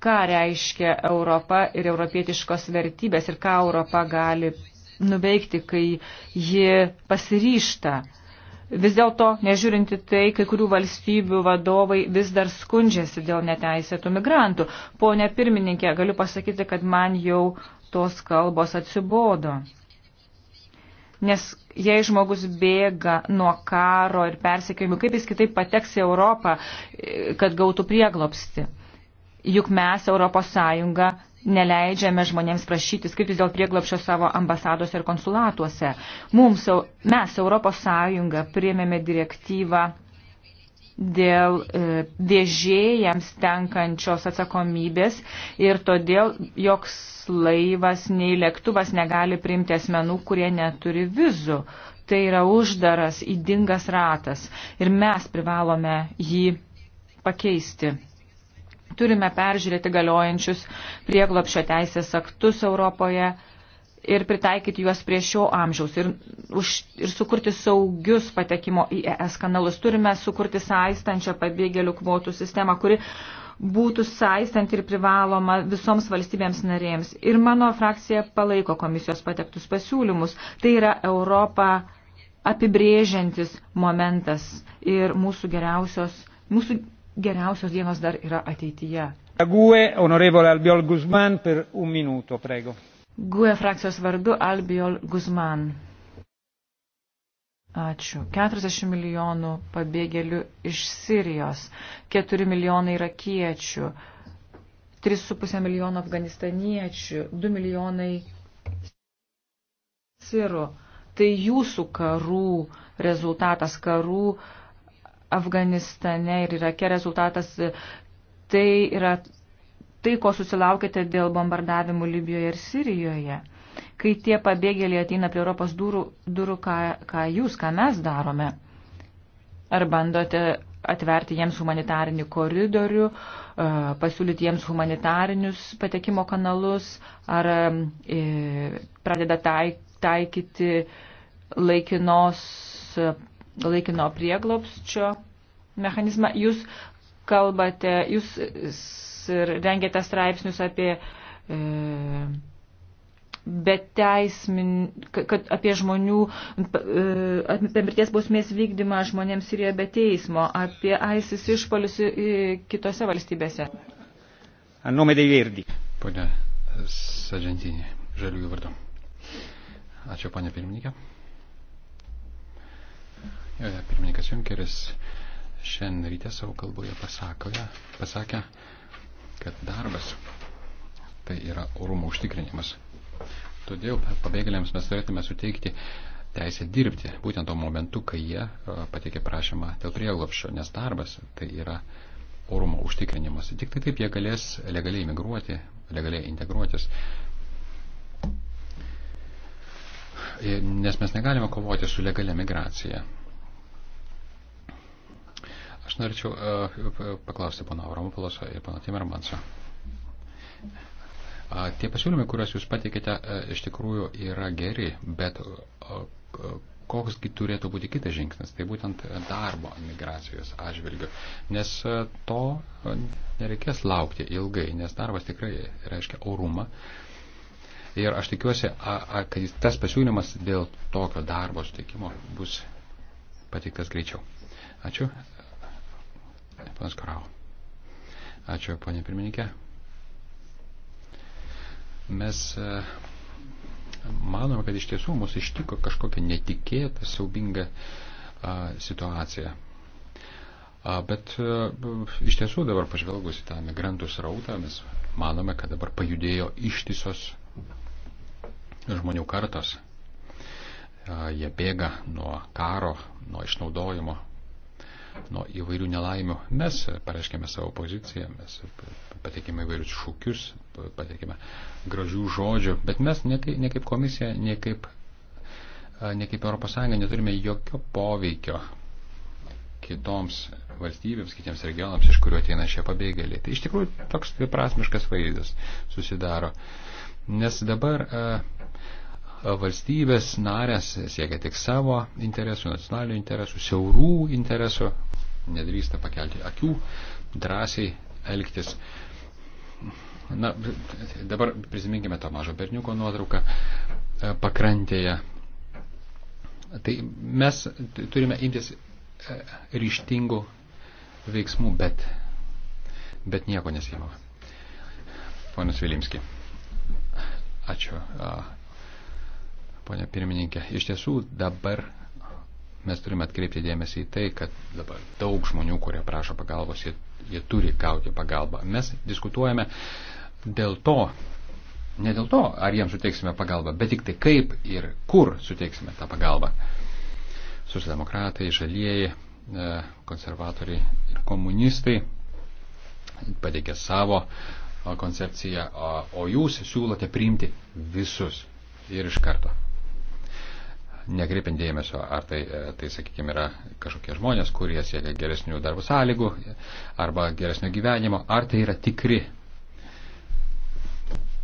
ką reiškia Europa ir europietiškos vertybės ir ką Europa gali nuveikti, kai ji pasiryšta. Vis dėlto, nežiūrinti tai, kai kurių valstybių vadovai vis dar skundžiasi dėl neteisėtų migrantų. Pone pirmininkė, galiu pasakyti, kad man jau tos kalbos atsibodo. Nes jei žmogus bėga nuo karo ir persekiojimų, kaip jis kitaip pateks į Europą, kad gautų prieglopsti? Juk mes, Europos Sąjunga, neleidžiame žmonėms prašyti skirtis dėl prieglapščio savo ambasadose ir konsulatuose. Mums, mes, Europos Sąjunga, priėmėme direktyvą dėl e, vežėjams tenkančios atsakomybės ir todėl joks laivas nei lėktuvas negali priimti asmenų, kurie neturi vizų. Tai yra uždaras, įdingas ratas ir mes privalome jį pakeisti. Turime peržiūrėti galiojančius prieglopšio teisės aktus Europoje ir pritaikyti juos prie šio amžiaus ir, už, ir sukurti saugius patekimo į ES kanalus. Turime sukurti saistančią pabėgėlių kvotų sistemą, kuri būtų saistanti ir privaloma visoms valstybėms narėms. Ir mano frakcija palaiko komisijos patektus pasiūlymus. Tai yra Europą apibrėžiantis momentas ir mūsų geriausios, mūsų geriausios dienos dar yra ateityje. GUE, onorevole Albiol Guzman, per un minuto, prego. GUE frakcijos vardu Albiol Guzman. Ačiū. 40 milijonų pabėgėlių iš Sirijos, 4 milijonai irakiečių, 3,5 milijono afganistaniečių, 2 milijonai sirų. Tai jūsų karų rezultatas, karų uh, Afganistane ir Irake rezultatas tai yra tai, ko susilaukite dėl bombardavimų Libijoje ir Sirijoje. Kai tie pabėgėliai ateina prie Europos durų, durų ką, ką jūs, ką mes darome? Ar bandote atverti jiems humanitarinį koridorių, e, pasiūlyti jiems humanitarinius patekimo kanalus, ar e, pradeda tai, taikyti laikinos laikino prieglopščio mechanizmą. Jūs kalbate, jūs rengiate straipsnius apie e, beteismin, kad apie žmonių, e, apie mirties bausmės vykdymą žmonėms Sirijoje be teismo, apie ISIS išpolius kitose valstybėse. A nome dei Verdi. Pone Sadžentinė, žaliųjų vardu. Ačiū, pane pirmininkė. Pirmininkas Junkeris šiandien ryte savo kalboje pasakoja, pasakė, kad darbas tai yra orumo užtikrinimas. Todėl pabėgėliams mes turėtume suteikti teisę dirbti būtent to momentu, kai jie e, pateikė prašymą dėl prieglopščio, nes darbas tai yra orumo užtikrinimas. Tik tai taip jie galės legaliai migruoti, legaliai integruotis. E, nes mes negalime kovoti su legalia migracija. Aš norėčiau e, paklausti pana Avramopiloso ir pana Timermanso. Tie pasiūlymai, kuriuos jūs pateikėte, e, iš tikrųjų yra geri, bet koksgi turėtų būti kitas žingsnis, tai būtent darbo migracijos atžvilgiu. Nes e, to nereikės laukti ilgai, nes darbas tikrai reiškia orumą. Ir aš tikiuosi, a, a, kad tas pasiūlymas dėl tokio darbo sutikimo bus pateiktas greičiau. Ačiū. Panas Korau. Ačiū, ponė pirmininkė. Mes e, manome, kad iš tiesų mus ištiko kažkokia netikėta, siaubinga situacija. Bet e, iš tiesų dabar pažvelgus į tą migrantų srautą, mes manome, kad dabar pajudėjo ištisos žmonių kartos. Jie bėga nuo karo, nuo išnaudojimo, nuo įvairių nelaimių. Mes pareiškėme savo poziciją, mes pateikėme įvairius šūkius, pateikėme gražių žodžių, bet mes ne, tai, ne kaip komisija, ne kaip, ne kaip ES neturime jokio poveikio kitoms valstybėms, kitiems regionams, iš kuriuo ateina šie pabėgėliai. Tai iš tikrųjų toks dviprasmiškas vaizdas susidaro. Nes dabar uh, valstybės narės siekia tik savo interesų, nacionalinių interesų, siaurų interesų, nedrįsta pakelti akių, drąsiai elgtis. Na, dabar prisiminkime tą mažą berniuko nuotrauką e, pakrantėje. Tai mes turime imtis e, ryštingų veiksmų, bet, bet nieko nesimame. Ponas Vilimski. Ačiū ponia pirmininkė. Iš tiesų dabar mes turime atkreipti dėmesį į tai, kad dabar daug žmonių, kurie prašo pagalbos, jie, jie turi gauti pagalbą. Mes diskutuojame dėl to, ne dėl to, ar jiems suteiksime pagalbą, bet tik tai kaip ir kur suteiksime tą pagalbą. Socialdemokratai, žalieji, e, konservatoriai ir komunistai pateikė savo e, koncepciją, o jūs siūlote priimti visus ir iš karto nekreipiant dėmesio, ar tai, e, tai sakykime, yra kažkokie žmonės, kurie siekia geresnių darbų sąlygų arba geresnio gyvenimo, ar tai yra tikri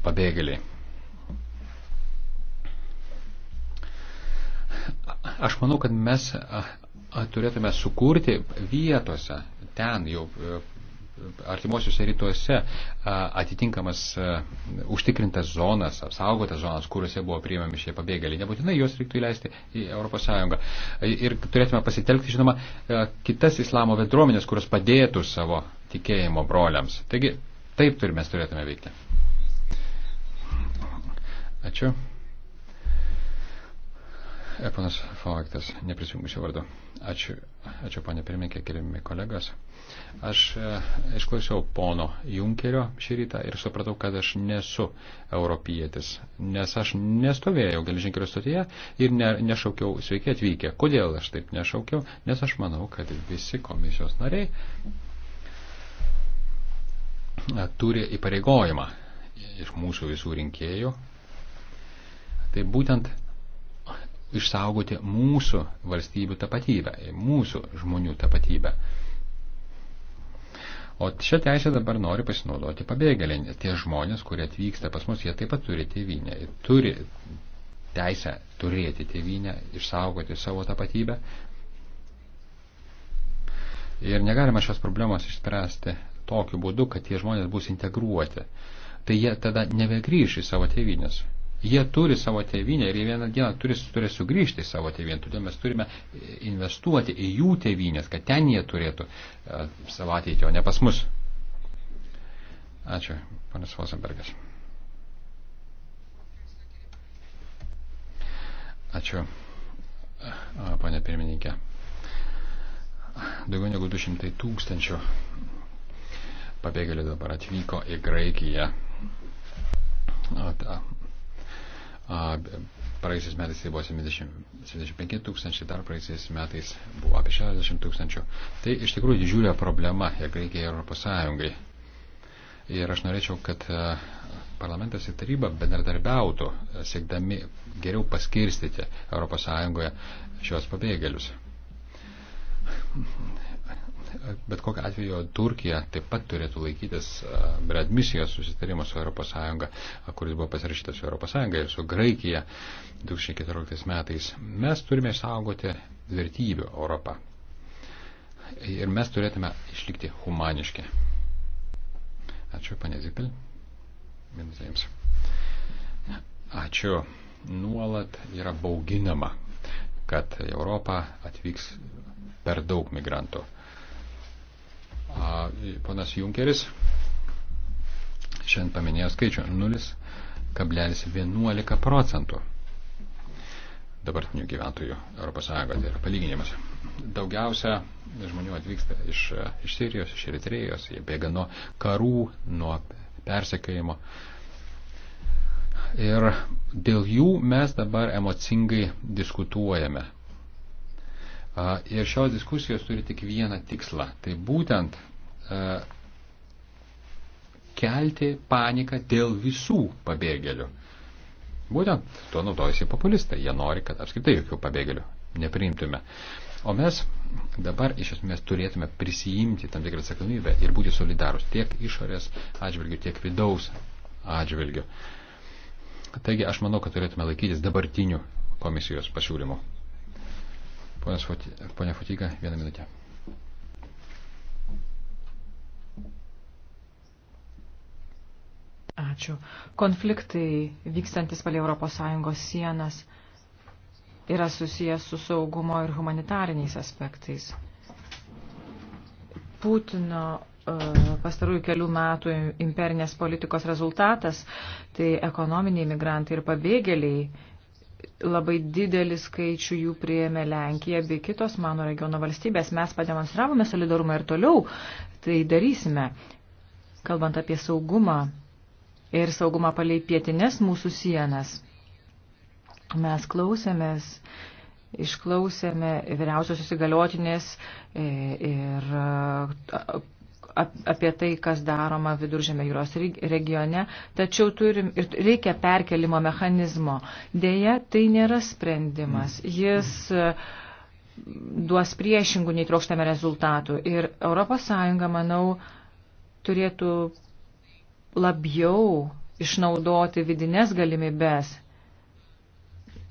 pabėgėliai. Aš manau, kad mes turėtume sukurti vietose ten jau e, artimuosiuose rytuose atitinkamas užtikrintas zonas, apsaugotas zonas, kuriuose buvo priimami šie pabėgėliai. Nebūtinai juos reiktų įleisti į ES. Ir turėtume pasitelkti, žinoma, kitas islamo bendruomenės, kurios padėtų savo tikėjimo broliams. Taigi, taip turime, mes turėtume veikti. Ačiū. E, ponas Favaktas, neprisijungusiu vardu. Ačiū, ačiū panė pirmininkė, gerimi kolegos. Aš e, išklausiau pono Junkerio šį rytą ir supratau, kad aš nesu europietis, nes aš nestovėjau geležinkelio stotyje ir ne, nešaukiau sveiki atvykę. Kodėl aš taip nešaukiau? Nes aš manau, kad visi komisijos nariai e, turi įpareigojimą iš mūsų visų rinkėjų. Tai būtent išsaugoti mūsų valstybių tapatybę, mūsų žmonių tapatybę. O šią teisę dabar nori pasinaudoti pabėgėliai, nes tie žmonės, kurie atvyksta pas mus, jie taip pat turi tėvynę, turi teisę turėti tėvynę, išsaugoti savo tapatybę. Ir negalima šios problemos išspręsti tokiu būdu, kad tie žmonės bus integruoti. Tai jie tada nebegrįš į savo tėvynės. Jie turi savo tėvynę ir jie vieną dieną turi, turi sugrįžti į savo tėvynę. Todėl mes turime e, investuoti į jų tėvynės, kad ten jie turėtų uh, savo ateitį, o ne pas mus. Ačiū, panas Vosenbergas. Ačiū, e, ponė pirmininkė. Daugiau negu 200 tūkstančių pabėgėlių dabar atvyko į Graikiją. O ta, Praėjusiais metais tai buvo 75 tūkstančiai, dar praėjusiais metais buvo apie 60 tūkstančių. Tai iš tikrųjų didžiulė problema ir Graikijai, ir Europos Sąjungai. Ir aš norėčiau, kad e, parlamentas ir taryba bendradarbiautų, e, siekdami geriau paskirstyti ES šios pabėgėlius bet kokiu atveju Turkija taip pat turėtų laikytis readmisijos susitarimo su ES, kuris buvo pasirašytas su ES ir su Graikija 2014 metais. Mes turime išsaugoti vertybių Europą. Ir mes turėtume išlikti humaniški. Ačiū, panė Zipel. Minus jums. Ačiū. Nuolat yra bauginama, kad į Europą atvyks per daug migrantų. Ponas Junkeris šiandien paminėjo skaičių 0,11 procentų dabartinių gyventojų ES. Tai yra palyginimas. Daugiausia žmonių atvyksta iš, iš Sirijos, iš Eritrėjos, jie bėga nuo karų, nuo persekėjimo. Ir dėl jų mes dabar emocingai diskutuojame. Ir šios diskusijos turi tik vieną tikslą. Tai būtent kelti paniką dėl visų pabėgėlių. Būtent tuo naudojasi populistai. Jie nori, kad apskritai jokių pabėgėlių nepriimtume. O mes dabar iš esmės turėtume prisijimti tam tikrą atsakomybę ir būti solidarus tiek išorės atžvilgių, tiek vidaus atžvilgių. Taigi aš manau, kad turėtume laikytis dabartinių komisijos pasiūlymų. Ponia Futiga, vieną minutę. Ačiū. Konfliktai vykstantis palie ES sienas yra susijęs su saugumo ir humanitariniais aspektais. Putino e, pastarųjų kelių metų imperinės politikos rezultatas, tai ekonominiai migrantai ir pabėgėliai labai didelį skaičių jų prieėmė Lenkija bei kitos mano regiono valstybės. Mes pademonstravome solidarumą ir toliau tai darysime. Kalbant apie saugumą ir saugumą palei pietinės mūsų sienas, mes klausėmės, išklausėme vyriausiosios įgaliotinės e, ir apie tai, kas daroma viduržėme jūros regione, tačiau turim ir reikia perkelimo mechanizmo. Deja, tai nėra sprendimas. Mm. Jis mm. duos priešingų nei trokštame rezultatų. Ir ES, manau, turėtų labiau išnaudoti vidinės galimybės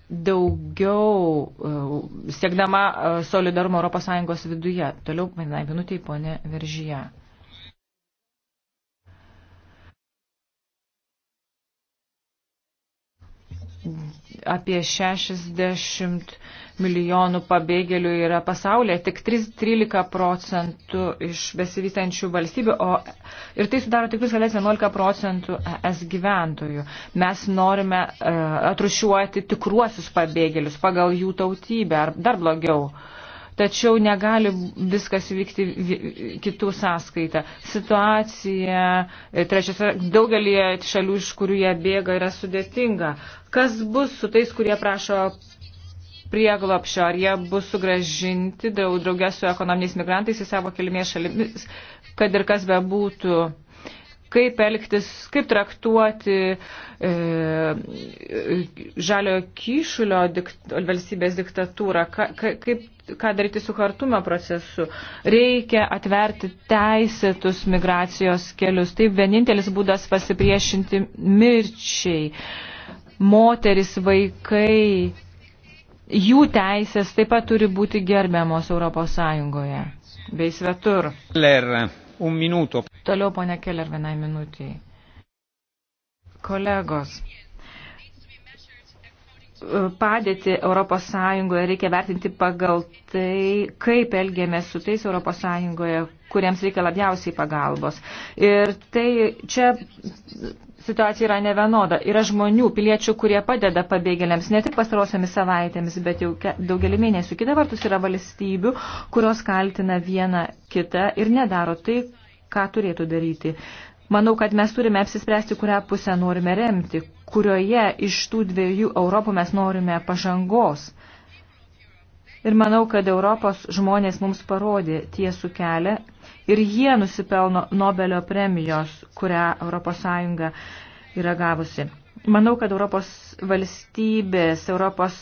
daugiau e, siekdama e, solidarumo ES viduje. Toliau, vienai minutiai, ponė Veržyje. apie 60 milijonų pabėgėlių yra pasaulyje, tik 3, 13 procentų iš besivystančių valstybių, o ir tai sudaro tik 11 procentų es gyventojų. Mes norime uh, e, atrušiuoti tikruosius pabėgėlius pagal jų tautybę, ar dar blogiau. Uh, tačiau negali viskas vykti kitų sąskaita. Situacija e, trečiose, daugelį šalių, iš kurių jie bėga, yra sudėtinga. Kas bus su tais, kurie prašo prieglopšio, ar jie bus sugražinti draugė su ekonominiais migrantais į savo kilmės šalimis, kad ir kas bebūtų kaip elgtis, kaip traktuoti e, žalio kyšulio dikt, valstybės diktatūrą, ka, ka, kaip, ką daryti su kartumo procesu. Reikia atverti teisėtus migracijos kelius. Tai vienintelis būdas pasipriešinti mirčiai. Moteris, vaikai, jų teisės taip pat turi būti gerbiamos Europos Sąjungoje bei svetur. Lera un minuto. Toliau, ponia Keller, vienai minutiai. Kolegos, padėti ES reikia vertinti pagal tai, kaip elgėmės su tais ES, kuriems reikia labiausiai pagalbos. Ir tai čia situacija yra nevienoda. Yra žmonių, piliečių, kurie padeda pabėgėliams ne tik pastarosiamis savaitėmis, bet jau daugelį mėnesių. Kita vertus yra valstybių, kurios kaltina vieną kitą ir nedaro tai, ką turėtų daryti. Manau, kad mes turime apsispręsti, kurią pusę norime remti, kurioje iš tų dviejų Europų mes norime pažangos. Ir manau, kad Europos žmonės mums parodė tiesų kelią ir jie nusipelno Nobelio premijos, kurią ES yra gavusi. Manau, kad Europos valstybės, Europos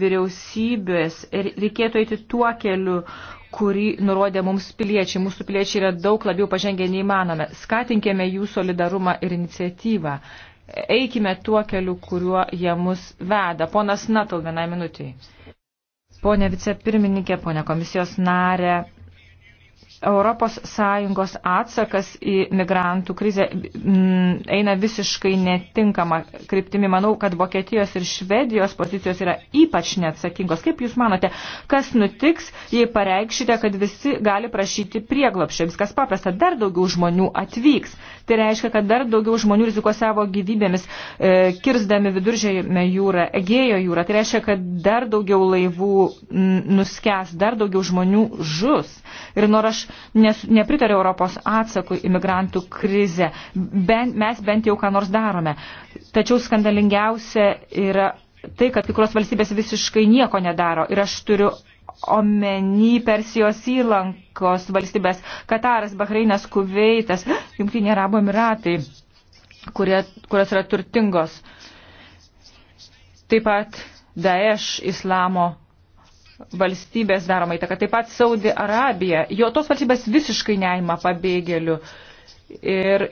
vyriausybės reikėtų eiti tuo keliu, kurį nurodė mums piliečiai. Mūsų piliečiai yra daug labiau pažengę nei manome. Skatinkime jų solidarumą ir iniciatyvą. Eikime tuo keliu, kuriuo jie mus veda. Ponas Natal, vienai minutiai. Pone vicepirmininkė, pone komisijos narė, ES atsakas į migrantų krizę mm, eina visiškai netinkama kryptimi. Manau, kad Vokietijos ir Švedijos pozicijos yra ypač neatsakingos. Kaip Jūs manote, kas nutiks, jei pareikšite, kad visi gali prašyti prieglopščio? Viskas paprasta, dar daugiau žmonių atvyks. Tai reiškia, kad dar daugiau žmonių riziko savo gyvybėmis, e, kirzdami viduržėjame jūrą, Egėjo jūrą. Tai reiškia, kad dar daugiau laivų mm, nuskęs, dar daugiau žmonių žus. Ir nors aš aš nes, nepritariu Europos atsakui imigrantų krizę. Ben, mes bent jau ką nors darome. Tačiau skandalingiausia yra tai, kad kai kurios valstybės visiškai nieko nedaro. Ir aš turiu omeny Persijos įlankos valstybės Kataras, Bahreinas, Kuveitas, Jungtiniai Arabo Emiratai, kurie, kurios yra turtingos. Taip pat Daesh, islamo valstybės daroma įtaka. Taip pat Saudi Arabija, jo tos valstybės visiškai neima pabėgėlių ir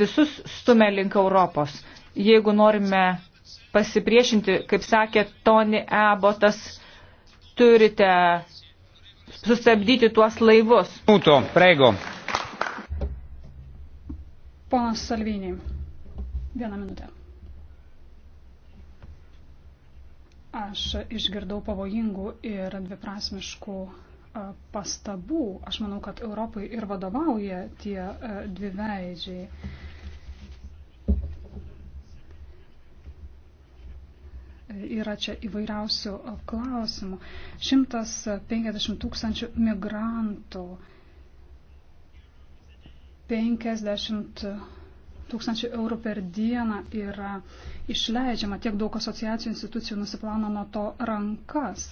visus stumia link Europos. Jeigu norime pasipriešinti, kaip sakė Tony Ebotas, turite sustabdyti tuos laivus. Mūto, prego. Ponas Salvini, vieną minutę. Aš išgirdau pavojingų ir dviprasmiškų pastabų. Aš manau, kad Europai ir vadovauja tie dviveidžiai. Yra čia įvairiausių klausimų. 150 tūkstančių migrantų, 50 tūkstančių eurų per dieną yra išleidžiama, tiek daug asociacijų institucijų nusiplauna nuo to rankas.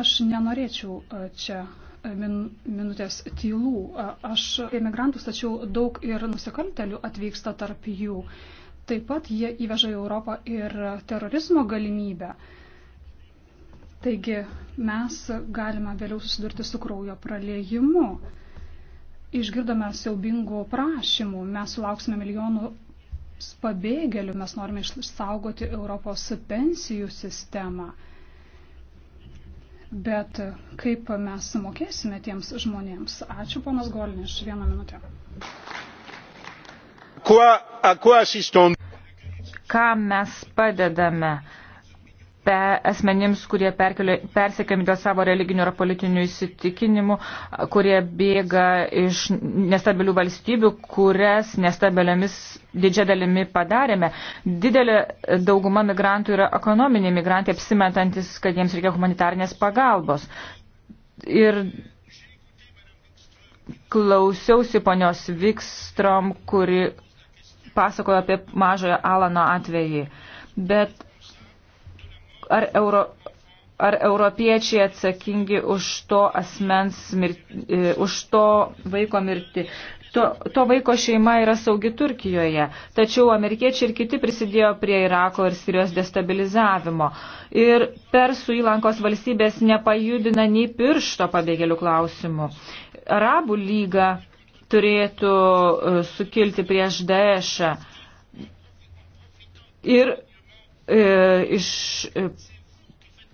Aš nenorėčiau e, čia e, min, minutės tylų. E, aš emigrantus, tačiau daug ir nusikaltelių atvyksta tarp jų. Taip pat jie įveža į Europą ir terorizmo galimybę. Taigi mes galime vėliau susidurti su kraujo praliejimu išgirdome siaubingų prašymų, mes sulauksime milijonų pabėgėlių, mes norime išsaugoti Europos pensijų sistemą. Bet kaip mes mokėsime tiems žmonėms? Ačiū, ponas Golniš, vieną minutę. Ką mes padedame? pe, asmenims, kurie persekiami dėl savo religinių ar politinių įsitikinimų, kurie bėga iš nestabilių valstybių, kurias nestabiliomis didžia dalimi padarėme. Didelė dauguma migrantų yra ekonominiai migrantai, apsimetantis, kad jiems reikia humanitarnės pagalbos. Ir klausiausi ponios Vikstrom, kuri pasakojo apie mažojo Alano atvejį. Bet ar, euro, ar europiečiai atsakingi už to asmens mirti, e, už to vaiko mirti. To, to vaiko šeima yra saugi Turkijoje, tačiau amerikiečiai ir kiti prisidėjo prie Irako ir Sirijos destabilizavimo. Ir Persų įlankos valstybės nepajudina nei piršto pabėgėlių klausimų. Arabų lyga turėtų e, sukilti prieš Daešą. Ir E, iš e,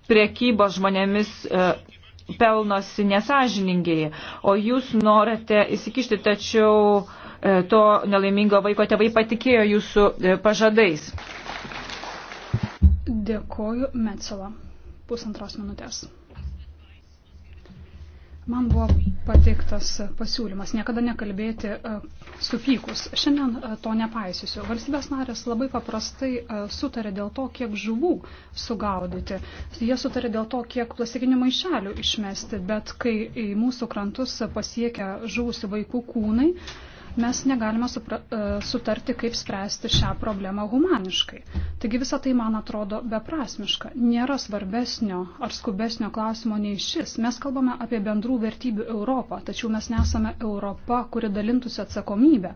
priekybos žmonėmis e, pelnosi nesažiningiai, o jūs norite įsikišti, tačiau to nelaimingo vaiko tėvai patikėjo jūsų pažadais. Dėkoju, Metsala. Pusantros minutės. Man buvo pateiktas pasiūlymas niekada nekalbėti e, supykus. Šiandien e, to nepaisysiu. Valstybės narės labai paprastai e, sutarė dėl to, kiek žuvų sugaudyti. Jie sutarė dėl to, kiek plastikinių maišelių išmesti, bet kai į mūsų krantus pasiekia žuvusių vaikų kūnai, mes negalime supra, e, sutarti, kaip spręsti šią problemą humaniškai. Taigi visa tai, man atrodo, beprasmiška. Nėra svarbesnio ar skubesnio klausimo nei šis. Mes kalbame apie bendrų vertybių Europą, tačiau mes nesame Europa, kuri dalintųsi atsakomybę.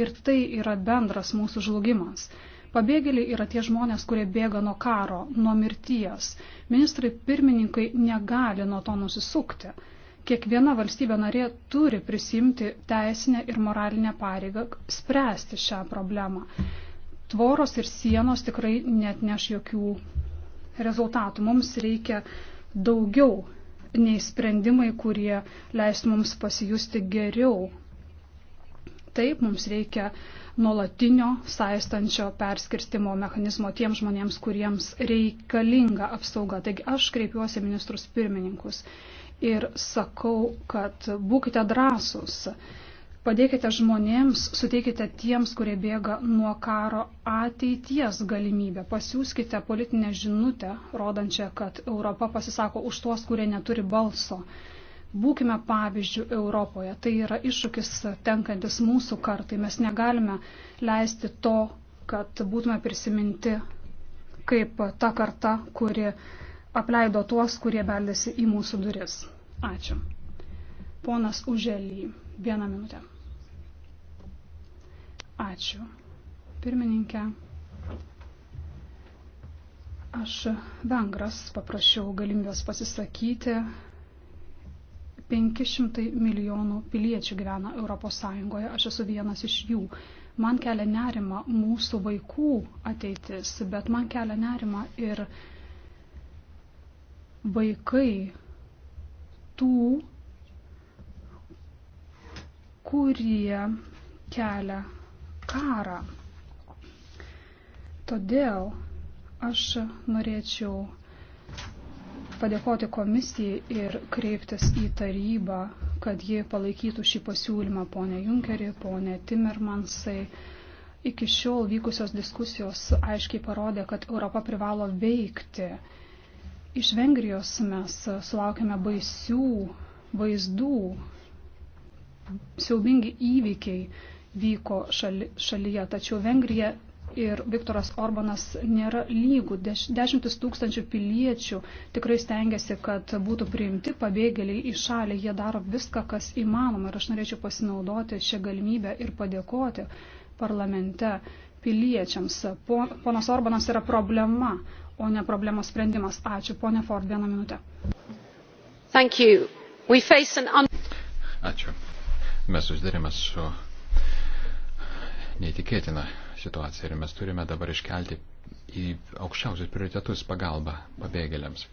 Ir tai yra bendras mūsų žlugimas. Pabėgėliai yra tie žmonės, kurie bėga nuo karo, nuo mirties. Ministrai pirmininkai negali nuo to nusisukti kiekviena valstybė narė turi prisimti teisinę ir moralinę pareigą spręsti šią problemą. Tvoros ir sienos tikrai net neš jokių rezultatų. Mums reikia daugiau nei sprendimai, kurie leis mums pasijusti geriau. Taip, mums reikia nuolatinio saistančio perskirstimo mechanizmo tiems žmonėms, kuriems reikalinga apsauga. Taigi aš kreipiuosi ministrus pirmininkus ir sakau, kad būkite drąsūs. Padėkite žmonėms, suteikite tiems, kurie bėga nuo karo ateities galimybę. Pasiūskite politinę žinutę, rodančią, kad Europa pasisako už tuos, kurie neturi balso. Būkime pavyzdžių Europoje. Tai yra iššūkis tenkantis mūsų kartai. Mes negalime leisti to, kad būtume prisiminti kaip ta karta, kuri apleido tuos, kurie beldėsi į mūsų duris. Ačiū. Ponas Uželį, vieną minutę. Ačiū. Pirmininkė. Aš vengras paprašiau galimybės pasisakyti. 500 milijonų piliečių gyvena ES, aš esu vienas iš jų. Man kelia nerima mūsų vaikų ateitis, bet man kelia nerima ir vaikai tų, kurie kelia karą. Todėl aš norėčiau padėkoti komisijai ir kreiptis į tarybą, kad ji palaikytų šį pasiūlymą, ponė Junkerį, ponė Timmermansai. Iki šiol vykusios diskusijos aiškiai parodė, kad Europa privalo veikti Iš Vengrijos mes e, sulaukėme baisių vaizdų, siaubingi įvykiai vyko šali, šalyje, tačiau Vengrija ir Viktoras Orbanas nėra lygų. Deš, dešimtis tūkstančių piliečių tikrai stengiasi, kad būtų priimti pabėgėliai į šalį. Jie daro viską, kas įmanoma ir aš norėčiau pasinaudoti šią galimybę ir padėkoti parlamente piliečiams. Ponas Orbanas yra problema, o ne problemos sprendimas. Ačiū. Pone Ford, vieną minutę. An... Ačiū. Mes susidarėme su neįtikėtina situacija ir mes turime dabar iškelti į aukščiausius prioritetus pagalbą pabėgėliams.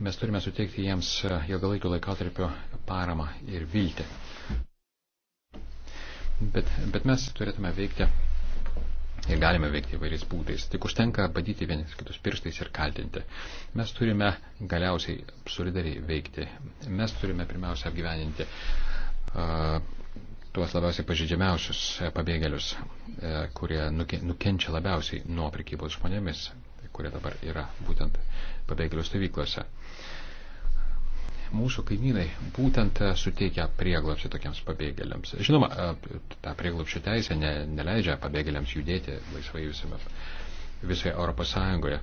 Mes turime suteikti jiems ilgalaikio laikotarpio paramą ir viltį. Bet, bet mes turėtume veikti Ir galime veikti įvairiais būdais. Tik užtenka badyti vienis kitus pirštais ir kaltinti. Mes turime galiausiai solidariai veikti. Mes turime pirmiausia apgyveninti uh, tuos labiausiai pažydžiamiausius e, pabėgėlius, uh, kurie nukenčia labiausiai nuo prekybos žmonėmis, kurie dabar yra būtent pabėgėlių stovyklose mūsų kaimynai būtent e, suteikia prieglapsį tokiems pabėgėliams. Žinoma, e, ta prieglapšio teisė ne, neleidžia pabėgėliams judėti laisvai visame, visoje Europos Sąjungoje.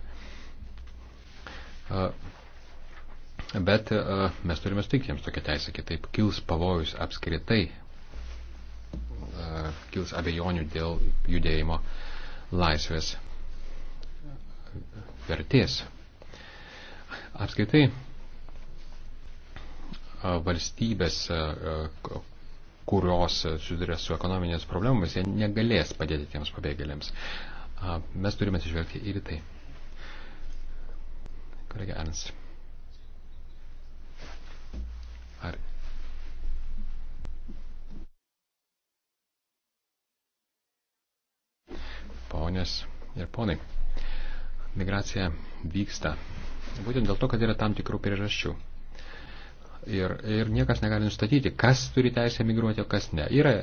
E, bet mes turime suteikti jiems tokią teisę, kitaip kils pavojus apskritai, kils abejonių dėl judėjimo laisvės vertės. Apskritai, valstybės, kurios susiduria su ekonominės problemomis, jie negalės padėti tiems pabėgėliams. Mes turime atsižvelgti ir į tai. Kolega Ernst. Ar... Ponės ir ponai, migracija vyksta būtent dėl to, kad yra tam tikrų priežasčių. Ir, ir niekas negali nustatyti, kas turi teisę migruoti, o kas ne. Yra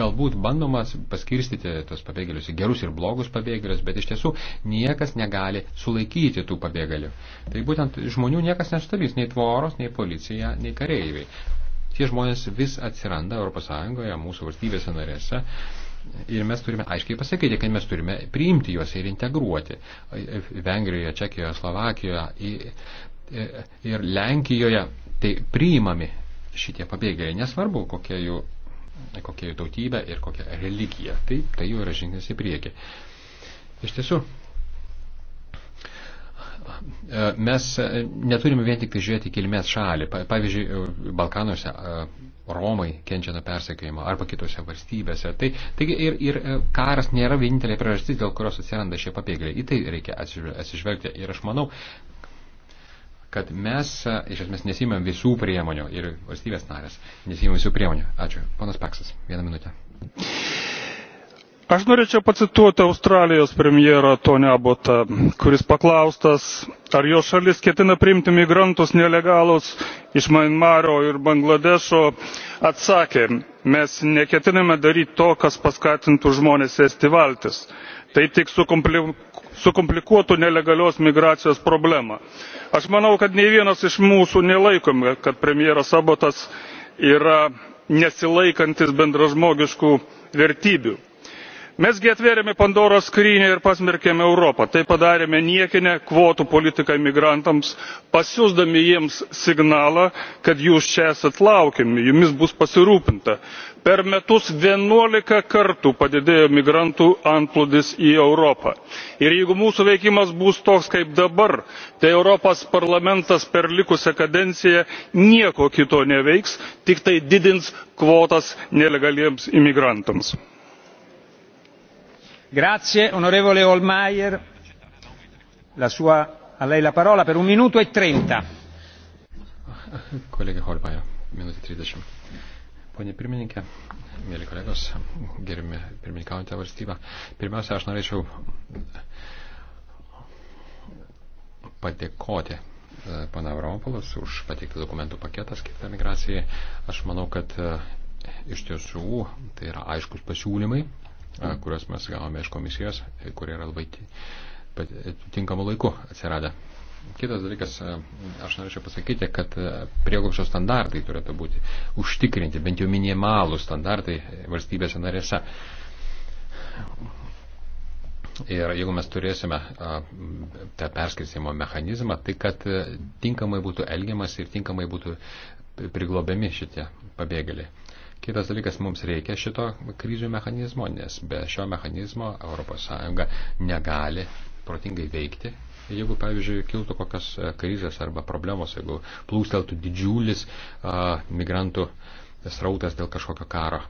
galbūt bandomas paskirstyti tos pabėgėlius į gerus ir blogus pabėgėlius, bet iš tiesų niekas negali sulaikyti tų pabėgėlių. Tai būtent žmonių niekas nesustabdys, nei tvoros, nei policija, nei kareiviai. Tie žmonės vis atsiranda ES, mūsų valstybėse narėse. Ir mes turime aiškiai pasakyti, kad mes turime priimti juos ir integruoti. Vengrijoje, Čekijoje, Slovakijoje E, ir Lenkijoje tai priimami šitie pabėgėliai, nesvarbu kokia jų, kokia jų tautybė ir kokia religija. Tai, tai jau yra žingsnis į priekį. Iš tiesų, e, mes neturime vien tik tai žiūrėti kilmės šalį. Pavyzdžiui, Balkanuose e, Romai kenčia nuo persekiojimo arba kitose valstybėse. Tai, taigi ir, ir karas nėra vienintelė priežastis, dėl kurios atsiranda šie pabėgėliai. Į tai reikia atsižvelgti. Ir aš manau, kad mes e, iš esmės nesimėm visų priemonių ir valstybės narės nesimėm visų priemonių. Ačiū. Ponas Paksas, vieną minutę. Aš norėčiau pacituoti Australijos premjerą Tonį Abotą, kuris paklaustas, ar jo šalis ketina priimti migrantus nelegalus iš Mainmaro ir Bangladešo, atsakė, mes neketiname daryti to, kas paskatintų žmonės esti valtis. Tai tik sukomplikuoja sukomplikuotų nelegalios migracijos problemą. aš manau kad nė vienas iš mūsų nelaikome kad premjeras sabotas yra nesilaikantis bendražmogiškų vertybių mesgi atvėrėme pandoros skrynią ir pasmerkėme europą tai padarėme niekine kvotų politika migrantams pasiųsdami jiems signalą kad jūs čia esat laukiami jumis bus pasirūpinta. per metus vienuolika kartų padidėjo migrantų antplūdis į europą ir jeigu mūsų veikimas bus toks kaip dabar tai europos parlamentas per likusią kadenciją nieko kito neveiks tiktai didins kvotas nelegaliems imigrantams grazie onorevole hohlmeier sua, a lei la parola per un minuto e trenta kolegė hohlmeier minutė trisdešimt ponė pirmininkė mėly kolegos gerimi pirmininkaujantę valstybę pirmiausia aš norėčiau padėkoti e, pana Avramopoulos už pateiktą dokumentų paketą skirtą migracijai. Aš manau, kad e, iš tiesų tai yra aiškus pasiūlymai, kuriuos mes gavome iš komisijos, e, kurie yra labai e, tinkamu laiku atsiradę. Kitas dalykas, aš norėčiau pasakyti, kad e, prieglobšio standartai turėtų būti užtikrinti, bent jau minimalų standartai valstybėse narėse. Ir jeigu mes turėsime tą perskirstimo mechanizmą, tai kad tinkamai būtų elgiamas ir tinkamai būtų priglobiami šitie pabėgėliai. Kitas dalykas, mums reikia šito krizių mechanizmo, nes be šio mechanizmo ES negali protingai veikti. Jeigu, pavyzdžiui, kiltų kokios e, krizės arba problemos, jeigu plūsteltų didžiulis a, migrantų srautas dėl kažkokio karo.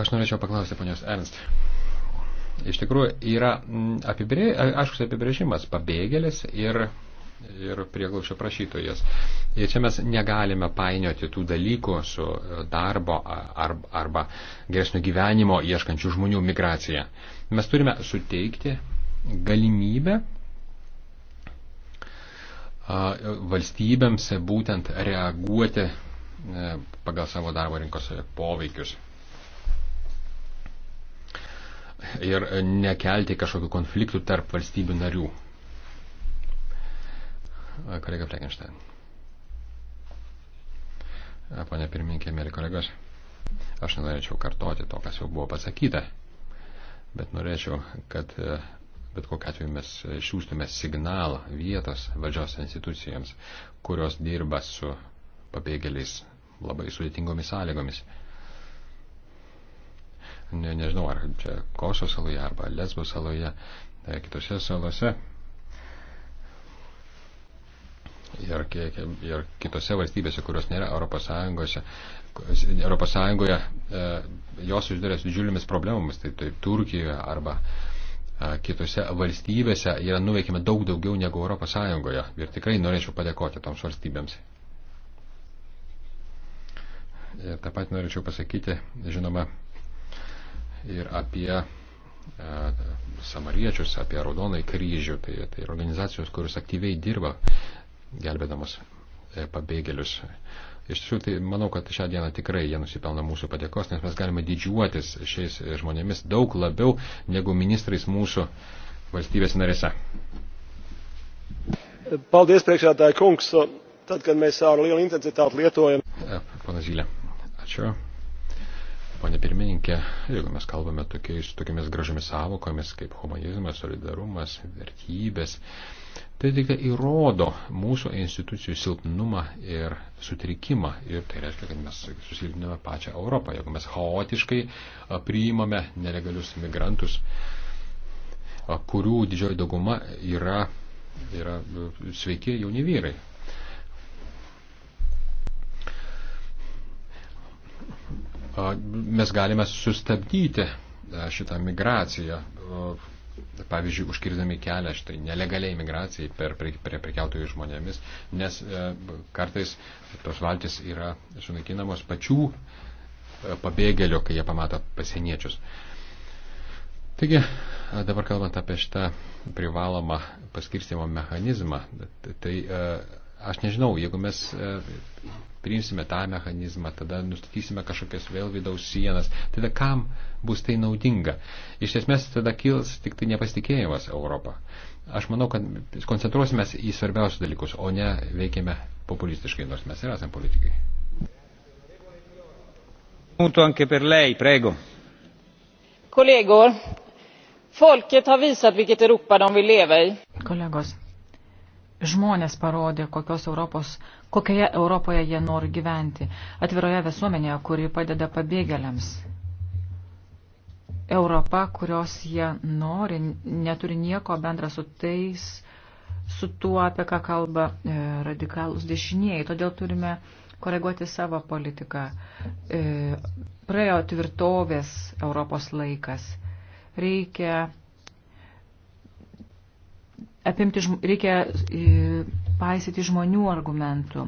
Aš norėčiau paklausti ponios Ernst. Iš tikrųjų, yra apibrė, aiškus apibrėžimas pabėgėlis ir ir prieglaušio prašytojas. Ir čia mes negalime painioti tų dalykų su e, darbo arba, arba geresnio gyvenimo ieškančių žmonių migracija. Mes turime suteikti galimybę valstybėms būtent reaguoti e, pagal savo darbo rinkos poveikius. Ir nekelti kažkokių konfliktų tarp valstybių narių kolega Fleckenstein. Pane pirmininkė, mėly kolegos, aš nenorėčiau kartoti to, kas jau buvo pasakyta, bet norėčiau, kad e, bet kokiu atveju mes siūstume signalą vietos valdžios institucijoms, kurios dirba su pabėgėliais labai sudėtingomis sąlygomis. Ne, nežinau, ar čia Koso saloje, arba Lesbo saloje, e, kitose salose ir, ir kitose valstybėse, kurios nėra Europos Sąjungose, Europos Sąjungoje, e, jos susiduria su didžiulėmis problemomis, tai, tai Turkijoje arba e, kitose valstybėse yra nuveikime daug daugiau negu Europos Sąjungoje. Ir tikrai norėčiau padėkoti toms valstybėms. Ir tą patį norėčiau pasakyti, žinoma, ir apie e, samariečius, apie raudonąjį kryžių, tai, tai organizacijos, kuris aktyviai dirba gelbėdamas e, pabėgėlius. Iš tiesų, tai manau, kad šią dieną tikrai jie nusipelna mūsų padėkos, nes mes galime didžiuotis šiais žmonėmis daug labiau negu ministrais mūsų valstybės narėse. Paldies, priekšsēdētāji kungs. Tad, kad mēs ar lielu intensitāti lietojam. E, pana Zylė, ačiū ponė pirmininkė, jeigu mes kalbame tokiais, tokiamis gražiomis savokomis kaip humanizmas, solidarumas, vertybės, tai tik tai įrodo mūsų institucijų silpnumą ir sutrikimą. Ir tai reiškia, kad mes susilpniname pačią Europą, jeigu mes chaotiškai priimame nelegalius imigrantus, kurių didžioji dauguma yra, yra sveiki jauni vyrai. mes galime sustabdyti šitą migraciją, pavyzdžiui, užkirdami kelią šitai nelegaliai migracijai per, prie, prie prekiautojų žmonėmis, nes e, kartais tos valtis yra sunaikinamos pačių e, pabėgėlių, kai jie pamato pasieniečius. Taigi, dabar kalbant apie šitą privalomą paskirstimo mechanizmą, tai e, aš nežinau, jeigu mes priimsime tą mechanizmą, tada nustatysime kažkokias vėl vidaus sienas. Tada kam bus tai naudinga? Iš esmės tada kils tik tai nepasitikėjimas Europą. Aš manau, kad koncentruosime į svarbiausius dalykus, o ne veikime populistiškai, nors mes ir esame politikai. Kolegor, folket har visat vilket Europa de vill leva i. Kolegos, žmonės parodė, kokios Europos, kokioje Europoje jie nori gyventi. Atviroje visuomenėje, kuri padeda pabėgėliams. Europa, kurios jie nori, neturi nieko bendra su tais, su tuo, apie ką kalba e, radikalus dešiniai. Todėl turime koreguoti savo politiką. E, praėjo tvirtovės Europos laikas. Reikia apimti, reikia e, paisyti žmonių argumentų.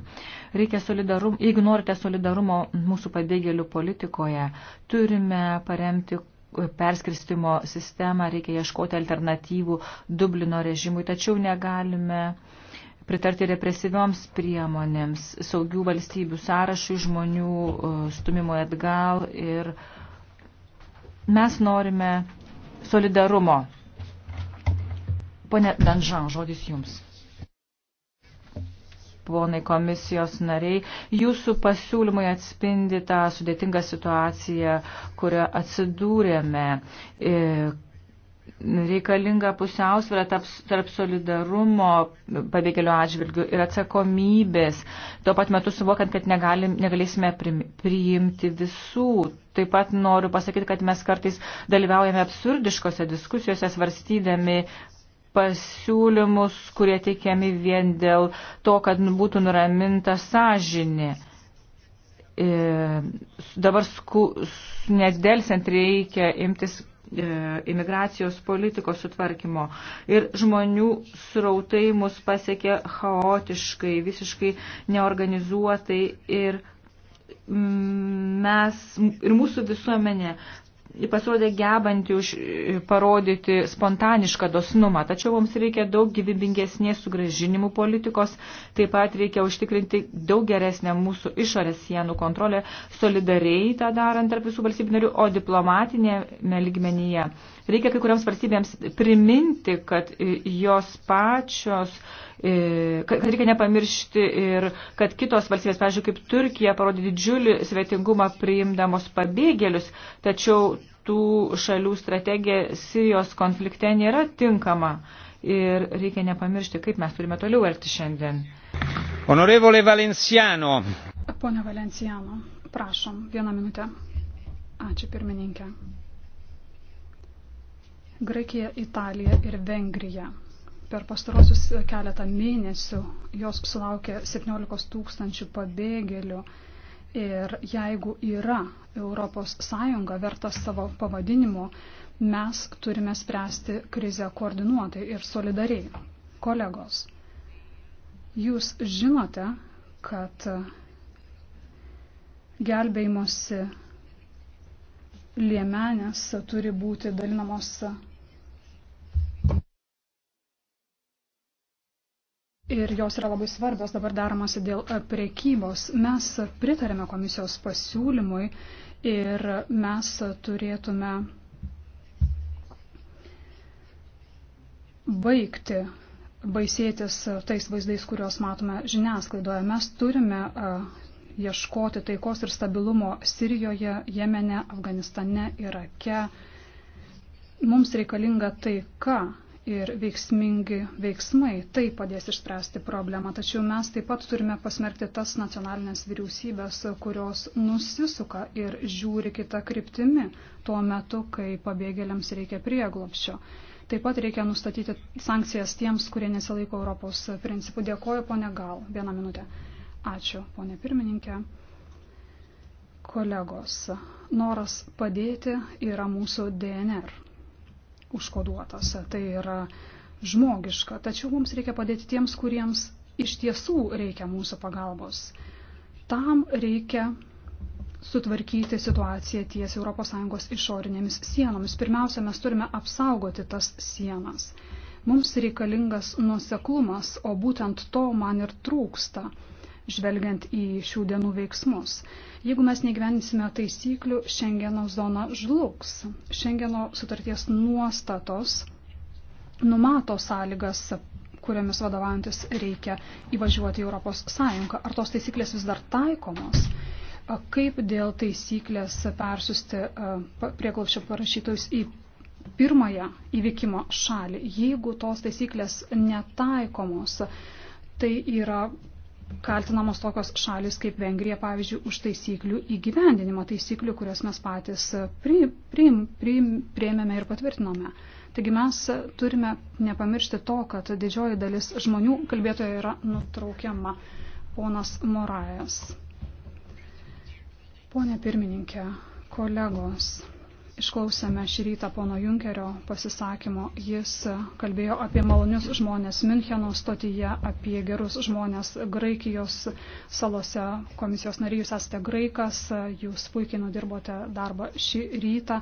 Reikia solidarum, jeigu norite solidarumo mūsų pabėgėlių politikoje, turime paremti e, perskirstimo sistemą, reikia ieškoti alternatyvų Dublino režimui, tačiau negalime pritarti represyvioms priemonėms, saugių valstybių sąrašui, žmonių e, stumimo atgal ir mes norime solidarumo Pone Danžan, žodis jums ponai komisijos nariai, jūsų pasiūlymai atspindi tą sudėtingą situaciją, kurioje atsidūrėme. E, reikalinga pusiausvėra tarp solidarumo pabėgėlių atžvilgių ir atsakomybės, tuo pat metu suvokiant, kad negalim, negalėsime priimti visų. Taip pat noriu pasakyti, kad mes kartais dalyvaujame absurdiškose diskusijose, svarstydami pasiūlymus, kurie teikiami vien dėl to, kad būtų nuraminta sąžinė. E, dabar sku, nedelsiant reikia imtis e, imigracijos politikos sutvarkymo. Ir žmonių srautai mus pasiekė chaotiškai, visiškai neorganizuotai ir mes ir mūsų visuomenė Ji pasirodė gebanti už, e, parodyti spontanišką dosnumą, tačiau mums reikia daug gyvybingesnės sugražinimų politikos, taip pat reikia užtikrinti daug geresnę mūsų išorės sienų kontrolę, solidariai tą darant tarp visų valstybių narių, o diplomatinėme lygmenyje. Reikia kai kuriams valstybėms priminti, kad e, jos pačios E, kad reikia nepamiršti ir kad kitos valstybės, pavyzdžiui, kaip Turkija, parodė didžiulį svetingumą priimdamos pabėgėlius, tačiau tų šalių strategija Sirijos konflikte nėra tinkama. Ir reikia nepamiršti, kaip mes turime toliau elgti šiandien. Honorevole Valenciano. Pone Valenciano, prašom, vieną minutę. Ačiū pirmininkė. Graikija, Italija ir Vengrija Per pastarosius keletą mėnesių jos sulaukė 17 tūkstančių pabėgėlių. Ir jeigu yra ES verta savo pavadinimo, mes turime spręsti krizę koordinuotai ir solidariai. Kolegos, jūs žinote, kad gelbėjimosi liemenės turi būti dalinamos ir jos yra labai svarbios dabar daromasi dėl e, priekybos. Mes pritarėme komisijos pasiūlymui ir mes turėtume baigti baisėtis tais vaizdais, kuriuos matome žiniasklaidoje. Mes turime e, ieškoti taikos ir stabilumo Sirijoje, Jemene, Afganistane, Irake. Mums reikalinga taika ir veiksmingi veiksmai. Tai padės išspręsti problemą. Tačiau mes taip pat turime pasmerkti tas nacionalinės vyriausybės, kurios nusisuka ir žiūri kitą kryptimį tuo metu, kai pabėgėliams reikia prieglopščio. Taip pat reikia nustatyti sankcijas tiems, kurie nesilaiko Europos principų. Dėkoju, ponė Gal. Vieną minutę. Ačiū, ponė pirmininkė kolegos, noras padėti yra mūsų DNR užkoduotas. Tai yra žmogiška. Tačiau mums reikia padėti tiems, kuriems iš tiesų reikia mūsų pagalbos. Tam reikia sutvarkyti situaciją ties ES išorinėmis sienomis. Pirmiausia, mes turime apsaugoti tas sienas. Mums reikalingas nuoseklumas, o būtent to man ir trūksta žvelgiant į šių dienų veiksmus. Jeigu mes negyvensime taisyklių, Šengeno zona žlugs. Šengeno sutarties nuostatos numato sąlygas kuriomis vadovaujantis reikia įvažiuoti į Europos Sąjungą. Ar tos taisyklės vis dar taikomos? Kaip dėl taisyklės persiusti e, prieglopščio parašytojus į pirmąją įvykimo šalį, jeigu tos taisyklės netaikomos? Tai yra kaltinamos tokios šalis kaip Vengrija, pavyzdžiui, už taisyklių įgyvendinimą, taisyklių, kurias mes patys e, pri, pri, pri, priėmėme ir patvirtinome. Taigi mes turime nepamiršti to, kad didžioji dalis žmonių kalbėtoje yra nutraukiama. Ponas Morajas. Pone pirmininkė, kolegos. Išklausėme šį rytą pono Junkerio pasisakymo. Jis kalbėjo apie malonius žmonės Müncheno stotyje, apie gerus žmonės Graikijos salose. Komisijos nariai, jūs esate graikas, jūs puikiai nudirbote darbą šį rytą.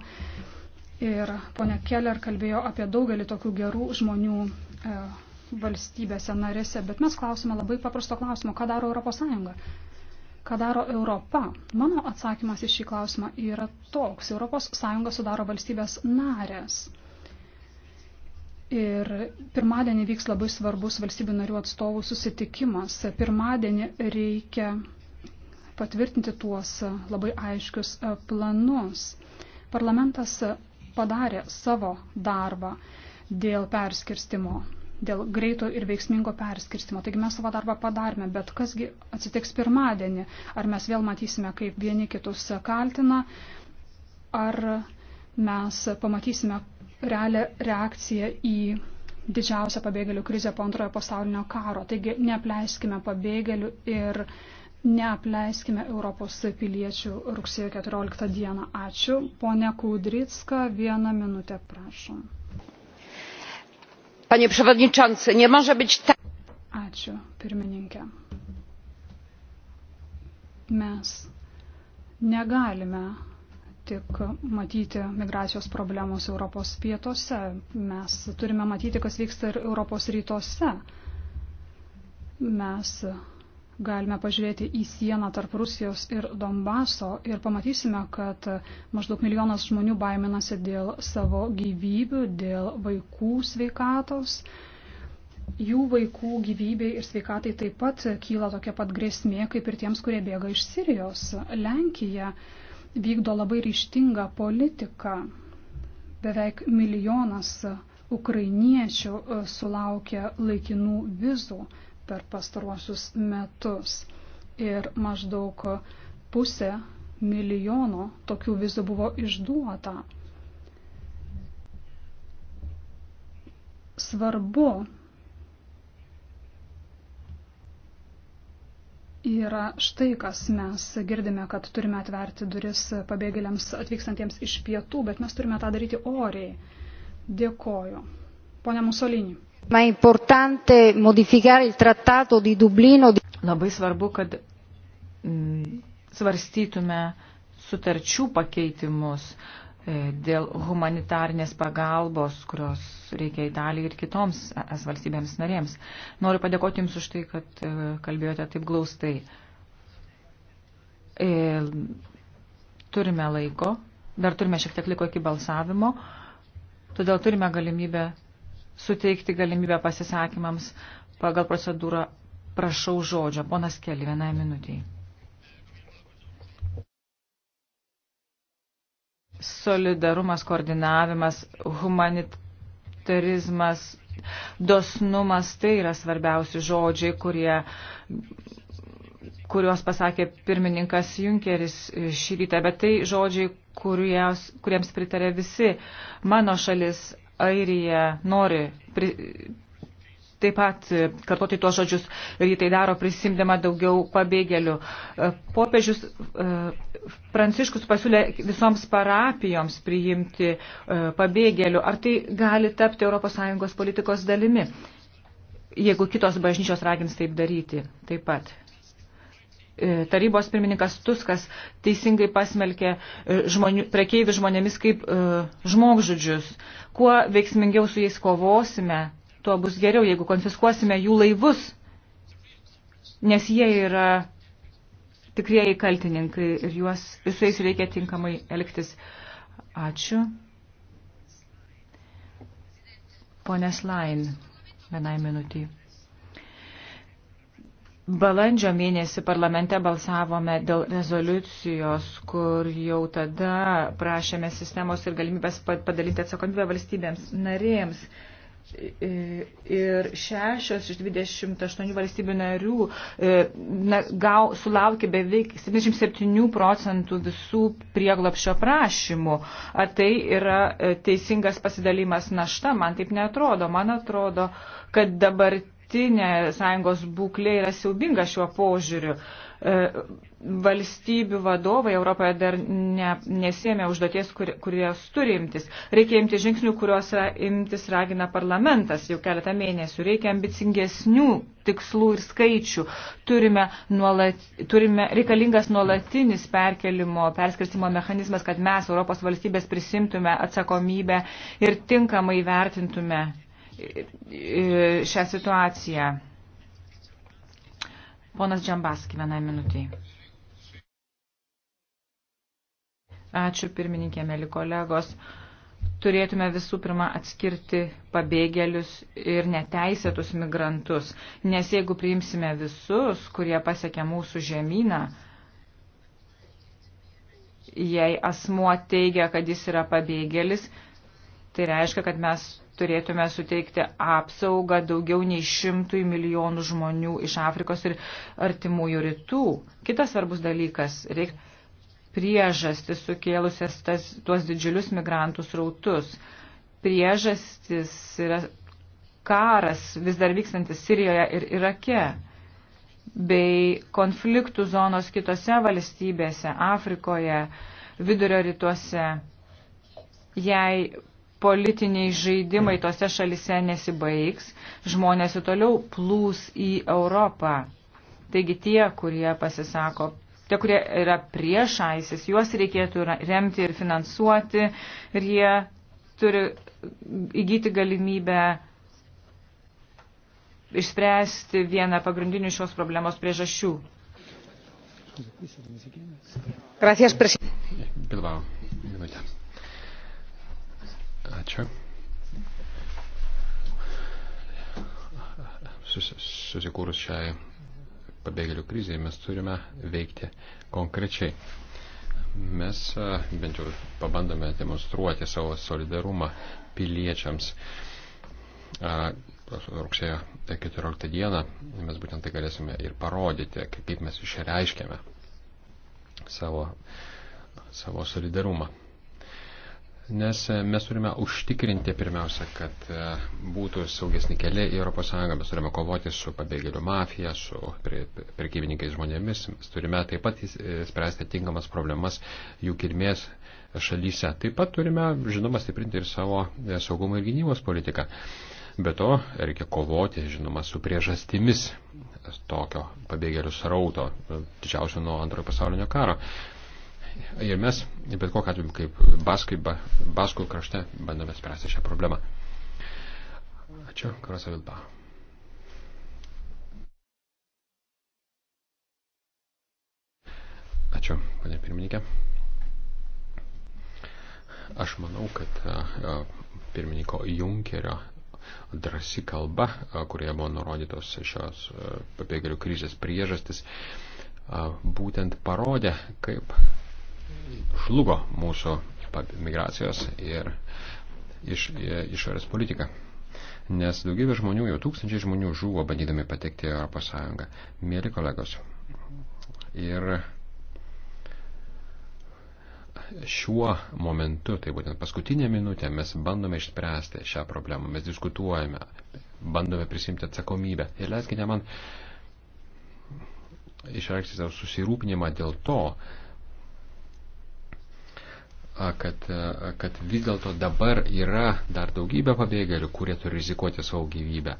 Ir ponia Keller kalbėjo apie daugelį tokių gerų žmonių e, valstybėse narėse, bet mes klausime labai paprasto klausimo, ką daro ES. Ką daro Europa? Mano atsakymas į šį klausimą yra toks. ES sudaro valstybės narės. Ir pirmadienį vyks labai svarbus valstybių narių atstovų susitikimas. Pirmadienį reikia patvirtinti tuos labai aiškius planus. Parlamentas padarė savo darbą dėl perskirstimo dėl greito ir veiksmingo perskirstimo. Taigi mes savo darbą padarėme, bet kasgi atsitiks pirmadienį? Ar mes vėl matysime, kaip vieni kitus kaltina, ar mes pamatysime realią reakciją į didžiausią pabėgėlių krizę po antrojo pasaulinio karo. Taigi neapleiskime pabėgėlių ir neapleiskime Europos piliečių rugsėjo 14 dieną. Ačiū. Pone Kudrytska, vieną minutę prašom panie przewodniczący nie może być tak ačiū pirmininke mes negalime tik matyti migracijos problemos Europos pietuose, mes turime matyti, kas vyksta ir Europos rytuose. Mes galime pažiūrėti į sieną tarp Rusijos ir Donbaso ir pamatysime, kad maždaug milijonas žmonių baiminasi dėl savo gyvybių, dėl vaikų sveikatos. Jų vaikų gyvybei ir sveikatai taip pat kyla tokia pat grėsmė, kaip ir tiems, kurie bėga iš Sirijos. Lenkija vykdo labai ryštingą politiką. Beveik milijonas ukrainiečių e, sulaukia laikinų vizų per pastaruosius metus. Ir maždaug pusė milijono tokių vizų buvo išduota. Svarbu yra štai, kas mes girdime, kad turime atverti duris pabėgėliams atvykstantiems iš pietų, bet mes turime tą daryti oriai. Dėkoju. Pone Musolinį. Ma importante modificare il trattato di Dublino. Labai svarbu, kad mm, svarstytume sutarčių pakeitimus e, dėl humanitarnės pagalbos, kurios reikia Italijai ir kitoms e, es valstybėms narėms. Noriu padėkoti Jums už tai, kad e, kalbėjote taip glaustai. Turime laiko, dar turime šiek tiek laiko iki balsavimo, todėl turime galimybę suteikti galimybę pasisakymams pagal procedūrą prašau žodžio. Ponas Keli, vienai minutiai. Solidarumas, koordinavimas, humanitarizmas, dosnumas tai yra svarbiausi žodžiai, kurie kuriuos pasakė pirmininkas Junkeris šį rytą, bet tai žodžiai, kurios, kuriems pritarė visi. Mano šalis Airija nori pri, taip pat kartoti tuos žodžius ir jį tai daro prisimdama daugiau pabėgėlių. E, popiežius e, Pranciškus pasiūlė visoms parapijoms priimti e, pabėgėlių. Ar tai gali tapti ES politikos dalimi, jeigu kitos bažnyčios ragins taip daryti taip pat? E, tarybos pirmininkas Tuskas teisingai pasmelkė e, žmonių, prekeivių žmonėmis kaip e, žmogžudžius. Kuo veiksmingiau su jais kovosime, tuo bus geriau, jeigu konfiskuosime jų laivus, nes jie yra tikrieji kaltininkai ir juos visais reikia tinkamai elgtis. Ačiū. Ponas Lain, vienai minutį. Balandžio mėnesį parlamente balsavome dėl rezoliucijos, kur jau tada prašėme sistemos ir galimybės padalinti atsakomybę valstybėms narėms. Ir šešios iš 28 valstybių narių e, na, gau, sulaukė beveik 77 procentų visų prieglapšio prašymų. Ar tai yra e, teisingas pasidalimas našta? Man taip netrodo. Man atrodo, kad dabar dabartinė sąjungos būklė yra siaubinga šiuo požiūriu. E, valstybių vadovai Europoje dar ne, nesėmė užduoties, kur, kurios turi imtis. Reikia imti žingsnių, kuriuos imtis ragina parlamentas jau keletą mėnesių. Reikia ambicingesnių tikslų ir skaičių. Turime, nuolat, turime reikalingas nuolatinis perkelimo, perskirstimo mechanizmas, kad mes, Europos valstybės, prisimtume atsakomybę ir tinkamai vertintume šią situaciją. Ponas Džambaski, vienai minutiai. Ačiū pirmininkė, mėly kolegos. Turėtume visų pirma atskirti pabėgėlius ir neteisėtus migrantus, nes jeigu priimsime visus, kurie pasiekia mūsų žemyną, jei asmuo teigia, kad jis yra pabėgėlis, tai reiškia, kad mes turėtume suteikti apsaugą daugiau nei šimtui milijonų žmonių iš Afrikos ir artimųjų rytų. Kitas svarbus dalykas - reikia priežastis sukėlusias tas, tuos didžiulius migrantų srautus. Priežastis yra karas vis dar vykstantis Sirijoje ir Irake bei konfliktų zonos kitose valstybėse, Afrikoje, vidurio rytuose. Jei politiniai žaidimai tose šalise nesibaigs, žmonės ir toliau plūs į Europą. Taigi tie, kurie pasisako, tie, kurie yra prieš ISIS, juos reikėtų remti ir finansuoti ir jie turi įgyti galimybę išspręsti vieną pagrindinių šios problemos priežasčių. Gracias, presidente. Ačiū. Susikūrus šiai pabėgėlių kriziai mes turime veikti konkrečiai. Mes bent jau pabandome demonstruoti savo solidarumą piliečiams. Rugsėjo 14 dieną mes būtent tai galėsime ir parodyti, kaip mes išreiškėme savo, savo solidarumą. Nes e, mes turime užtikrinti pirmiausia, kad e, būtų saugesni keliai į ES, mes turime kovoti su pabėgėlių mafija, su prekybininkais žmonėmis, mes turime taip pat e, spręsti tinkamas problemas jų kilmės šalyse. Taip pat turime, žinoma, stiprinti ir savo saugumo ir gynybos politiką. Be to, reikia kovoti, žinoma, su priežastimis tokio pabėgėlių srauto, didžiausio nuo antrojo pasaulinio karo. Ir mes, bet kokiu atveju, kaip Baskai, ba, Baskų krašte, bandome spręsti šią problemą. Ačiū, Karasa Vilba. Ačiū, panė pirmininkė. Aš manau, kad pirmininko Junkerio drasi kalba, kurioje buvo nurodytos šios pabėgėlių krizės priežastis, būtent parodė, kaip žlugo mūsų migracijos ir iš, išorės politika. Nes daugybė žmonių, jau tūkstančiai žmonių žuvo bandydami patekti į Europos Sąjungą. Mėly kolegos. Ir šiuo momentu, tai būtent paskutinė minutė, mes bandome išspręsti šią problemą, mes diskutuojame, bandome prisimti atsakomybę. Ir leiskite man išreikšti savo susirūpinimą dėl to, kad, kad vis dėlto dabar yra dar daugybė pabėgėlių, kurie turi rizikuoti savo gyvybę.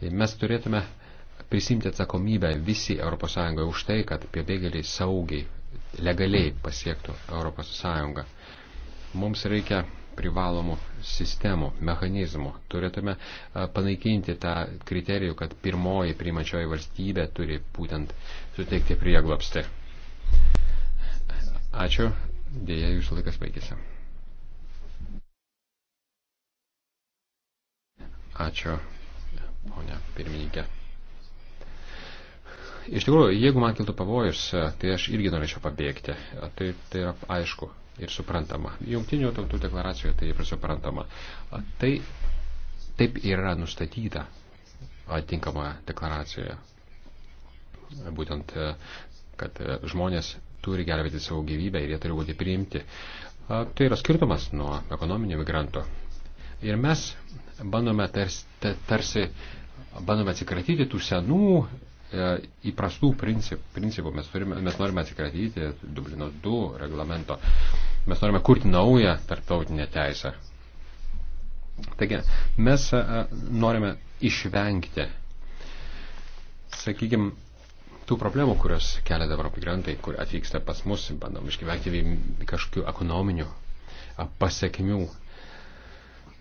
Tai mes turėtume prisimti atsakomybę visi ES už tai, kad pabėgėliai saugiai, legaliai pasiektų ES. Mums reikia privalomų sistemų, mechanizmų. Turėtume panaikinti tą kriterijų, kad pirmoji priimančioji valstybė turi būtent suteikti prieglapstį. Ačiū. Dėja, jūsų laikas baigėsi. Ačiū, ponia pirmininkė. Iš tikrųjų, jeigu man kiltų pavojus, tai aš irgi norėčiau pabėgti. Tai, tai yra aišku ir suprantama. Jungtinių tautų deklaracijoje tai ir suprantama. Tai taip yra nustatyta atitinkamoje deklaracijoje. Būtent, kad žmonės turi gelbėti savo gyvybę ir jie turi būti priimti. Tai yra skirtumas nuo ekonominio migranto. Ir mes bandome tarsi, tarsi bandome atsikratyti tų senų e, įprastų princip, principų. Mes, turime, mes norime atsikratyti Dublino 2 reglamento. Mes norime kurti naują tarptautinę teisę. Taigi, mes e, norime išvengti, sakykime, tų problemų, kurios kelia dabar migrantai, kur atvyksta pas mus, bandom išgyventi kažkokių ekonominių pasiekmių.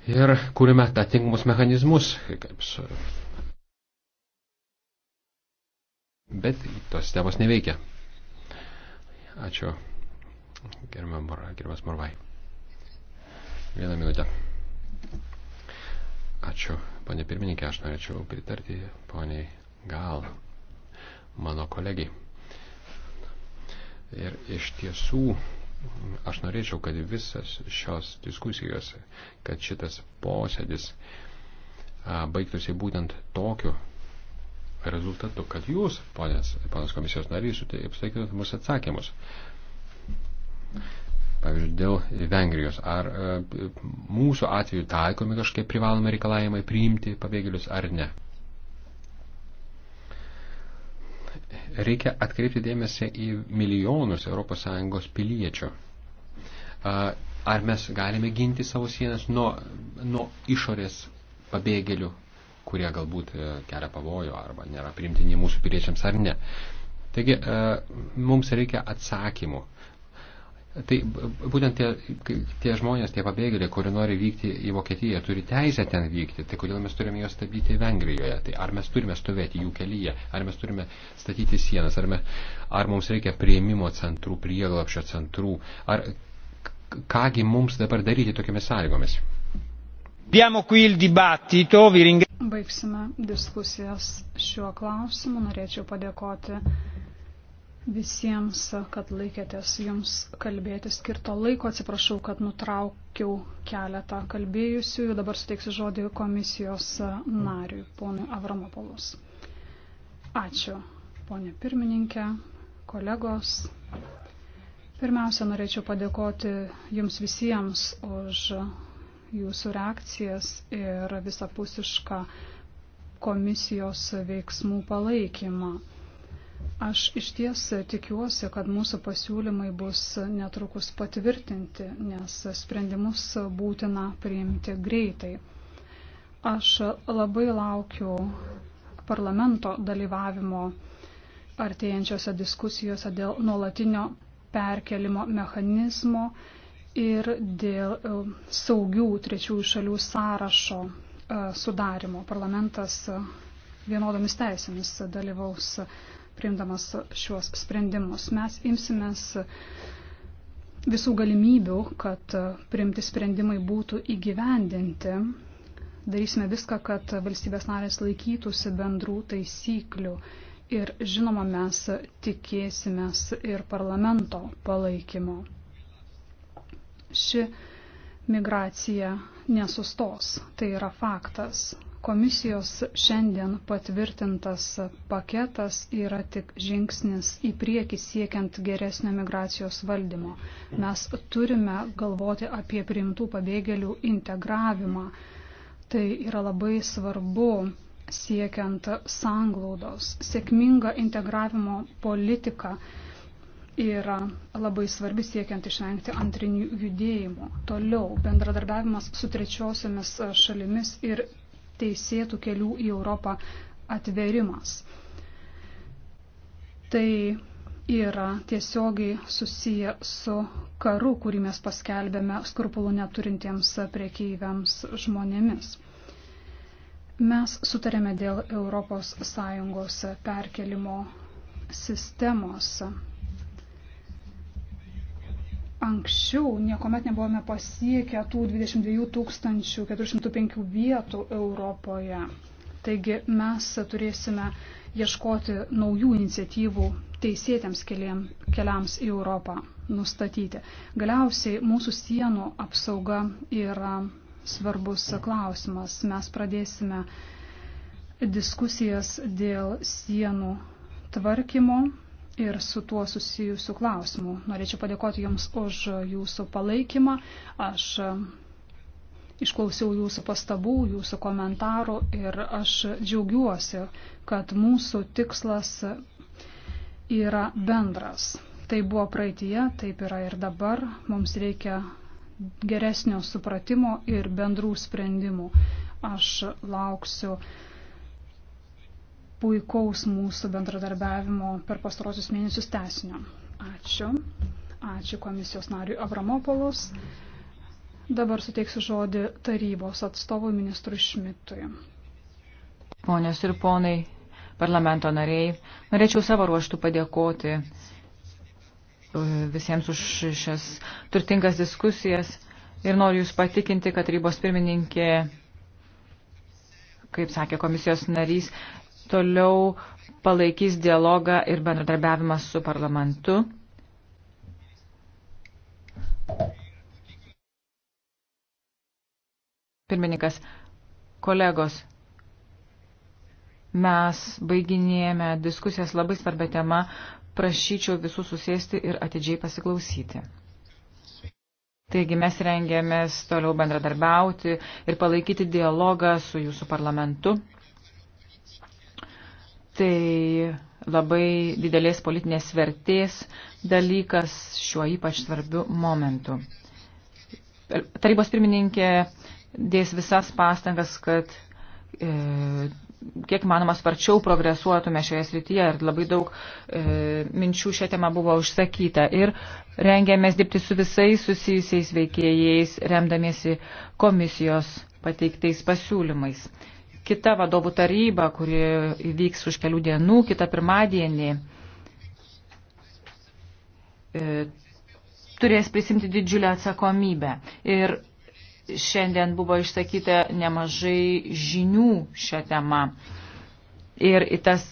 Ir kūrime atitinkamus mechanizmus, kaip su... Bet tos sistemos neveikia. Ačiū. Gerbiamas Morvai. Vieną minutę. Ačiū, panė pirmininkė, aš norėčiau pritarti poniai Gal mano kolegiai. Ir iš tiesų aš norėčiau, kad visas šios diskusijos, kad šitas posėdis baigtųsi būtent tokiu rezultatu, kad jūs, ponės, ponas komisijos narys, suteiktumėt mus atsakymus. Pavyzdžiui, dėl Vengrijos. Ar e, mūsų atveju taikomi kažkaip privalomi reikalavimai priimti pabėgėlius ar ne? reikia atkreipti dėmesį į milijonus ES piliečių. Ar mes galime ginti savo sienas nuo, nuo išorės pabėgėlių, kurie galbūt e, kelia pavojų arba nėra primtini mūsų piliečiams ar ne. Taigi e, mums reikia atsakymų Tai būtent tie, tie žmonės, tie pabėgėliai, kurie nori vykti į Vokietiją, turi teisę ten vykti. Tai kodėl mes turime juos stabdyti Vengrijoje? Tai ar mes turime stovėti jų kelyje? Ar mes turime statyti sienas? Ar, me, ar mums reikia prieimimo centrų, prieglapšio centrų? Ar kągi mums dabar daryti tokiamis sąlygomis? Baigsime diskusijas šiuo klausimu. Norėčiau padėkoti visiems, kad laikėtės jums kalbėti skirto laiko. Atsiprašau, kad nutraukiau keletą kalbėjusiųjų. Dabar suteiksiu žodį komisijos nariui, ponui Avramopolus. Ačiū, ponė pirmininkė, kolegos. Pirmiausia, norėčiau padėkoti jums visiems už jūsų reakcijas ir visapusišką komisijos veiksmų palaikymą. Aš iš ties tikiuosi, kad mūsų pasiūlymai bus netrukus patvirtinti, nes sprendimus būtina priimti greitai. Aš labai laukiu parlamento dalyvavimo artėjančiose diskusijose dėl nuolatinio perkelimo mechanizmo ir dėl e, saugių trečiųjų šalių sąrašo e, sudarimo. Parlamentas e, vienodomis teisėmis dalyvaus priimdamas šiuos sprendimus. Mes imsimės visų galimybių, kad priimti sprendimai būtų įgyvendinti. Darysime viską, kad valstybės narės laikytųsi bendrų taisyklių. Ir žinoma, mes tikėsimės ir parlamento palaikymo. Ši migracija nesustos, tai yra faktas. Komisijos šiandien patvirtintas paketas yra tik žingsnis į priekį siekiant geresnio migracijos valdymo. Mes turime galvoti apie priimtų pabėgėlių integravimą. Tai yra labai svarbu siekiant sanglaudos. Sėkminga integravimo politika yra labai svarbi siekiant išvengti antrinių judėjimų. Toliau bendradarbiavimas su trečiosiomis šalimis ir teisėtų kelių į Europą atverimas. Tai yra tiesiogiai susiję su karu, kurį mes paskelbėme skrupulų neturintiems priekeiviams žmonėmis. Mes sutarėme dėl ES perkelimo sistemos Anksčiau niekuomet nebuvome pasiekę tų 22 405 vietų Europoje. Taigi mes turėsime ieškoti naujų iniciatyvų teisėtėms keliam, keliams į Europą nustatyti. Galiausiai mūsų sienų apsauga yra svarbus klausimas. Mes pradėsime diskusijas dėl sienų tvarkymo ir su tuo susijusių klausimų. Norėčiau padėkoti Jums už Jūsų palaikymą. Aš e, išklausiau Jūsų pastabų, Jūsų komentarų ir aš džiaugiuosi, kad mūsų tikslas yra bendras. Tai buvo praeitie, taip yra ir dabar. Mums reikia geresnio supratimo ir bendrų sprendimų. Aš lauksiu puikaus mūsų bendradarbiavimo per pastarosius mėnesius tesinio. Ačiū. Ačiū komisijos nariui Avramopolos. Dabar suteiksiu žodį tarybos atstovui ministrui Šmitui. Ponios ir ponai, parlamento nariai, norėčiau savo ruoštų padėkoti e, visiems už šias turtingas diskusijas ir noriu Jūs patikinti, kad tarybos pirmininkė, kaip sakė komisijos narys, toliau palaikys dialogą ir bendradarbiavimą su parlamentu. Pirmininkas, kolegos, mes baiginėjame diskusijas labai svarbia tema, prašyčiau visų susėsti ir atidžiai pasiklausyti. Taigi mes rengiamės toliau bendradarbiauti ir palaikyti dialogą su jūsų parlamentu tai labai didelės politinės vertės dalykas šiuo ypač svarbiu momentu. Tarybos pirmininkė dės visas pastangas, kad e, kiek manoma sparčiau progresuotume šioje srityje ir labai daug e, minčių šią temą buvo užsakyta. Ir rengėmės dirbti su visais susijusiais veikėjais, remdamiesi komisijos pateiktais pasiūlymais kita vadovų taryba, kuri įvyks už kelių dienų, kitą pirmadienį, e, turės prisimti didžiulę atsakomybę. Ir šiandien buvo išsakyta nemažai žinių šią temą. Ir į tas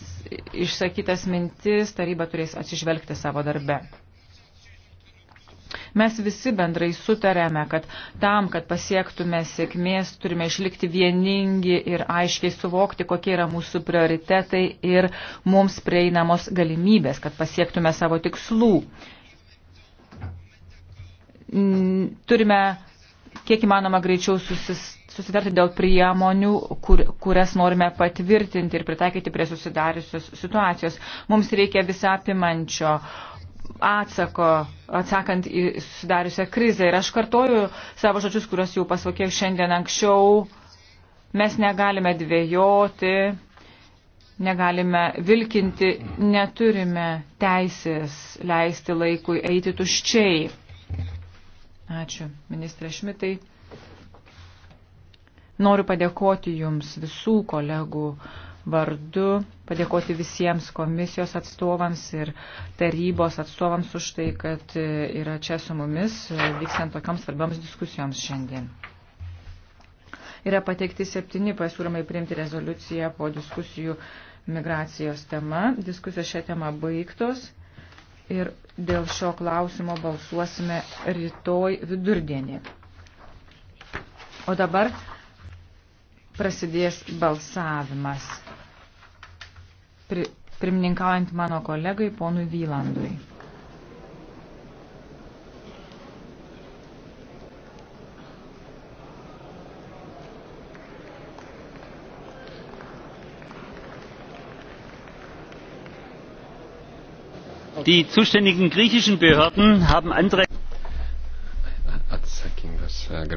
išsakytas mintis taryba turės atsižvelgti savo darbe. Mes visi bendrai sutarėme, kad tam, kad pasiektume sėkmės, turime išlikti vieningi ir aiškiai suvokti, kokie yra mūsų prioritetai ir mums prieinamos galimybės, kad pasiektume savo tikslų. Turime kiek įmanoma greičiau susistarti susitarti dėl priemonių, kur, kurias norime patvirtinti ir pritaikyti prie susidariusios situacijos. Mums reikia visapimančio uh, atsako, atsakant į sudariusią krizę. Ir aš kartoju savo žodžius, kuriuos jau pasakė šiandien anksčiau. Mes negalime dvėjoti, negalime vilkinti, neturime teisės leisti laikui eiti tuščiai. Ačiū, ministrė Šmitai. Noriu padėkoti Jums visų kolegų vardu padėkoti visiems komisijos atstovams ir tarybos atstovams už tai, kad e, yra čia su mumis e, vykstant tokiams svarbiams diskusijoms šiandien. Yra pateikti septyni pasiūlymai priimti rezoliuciją po diskusijų migracijos tema. Diskusijos šią temą baigtos ir dėl šio klausimo balsuosime rytoj vidurdienį. O dabar prasidės balsavimas. Pri, pirmininkaujant mano kolegai ponui Vylandui. Die zuständigen griechischen Behörden haben Anträge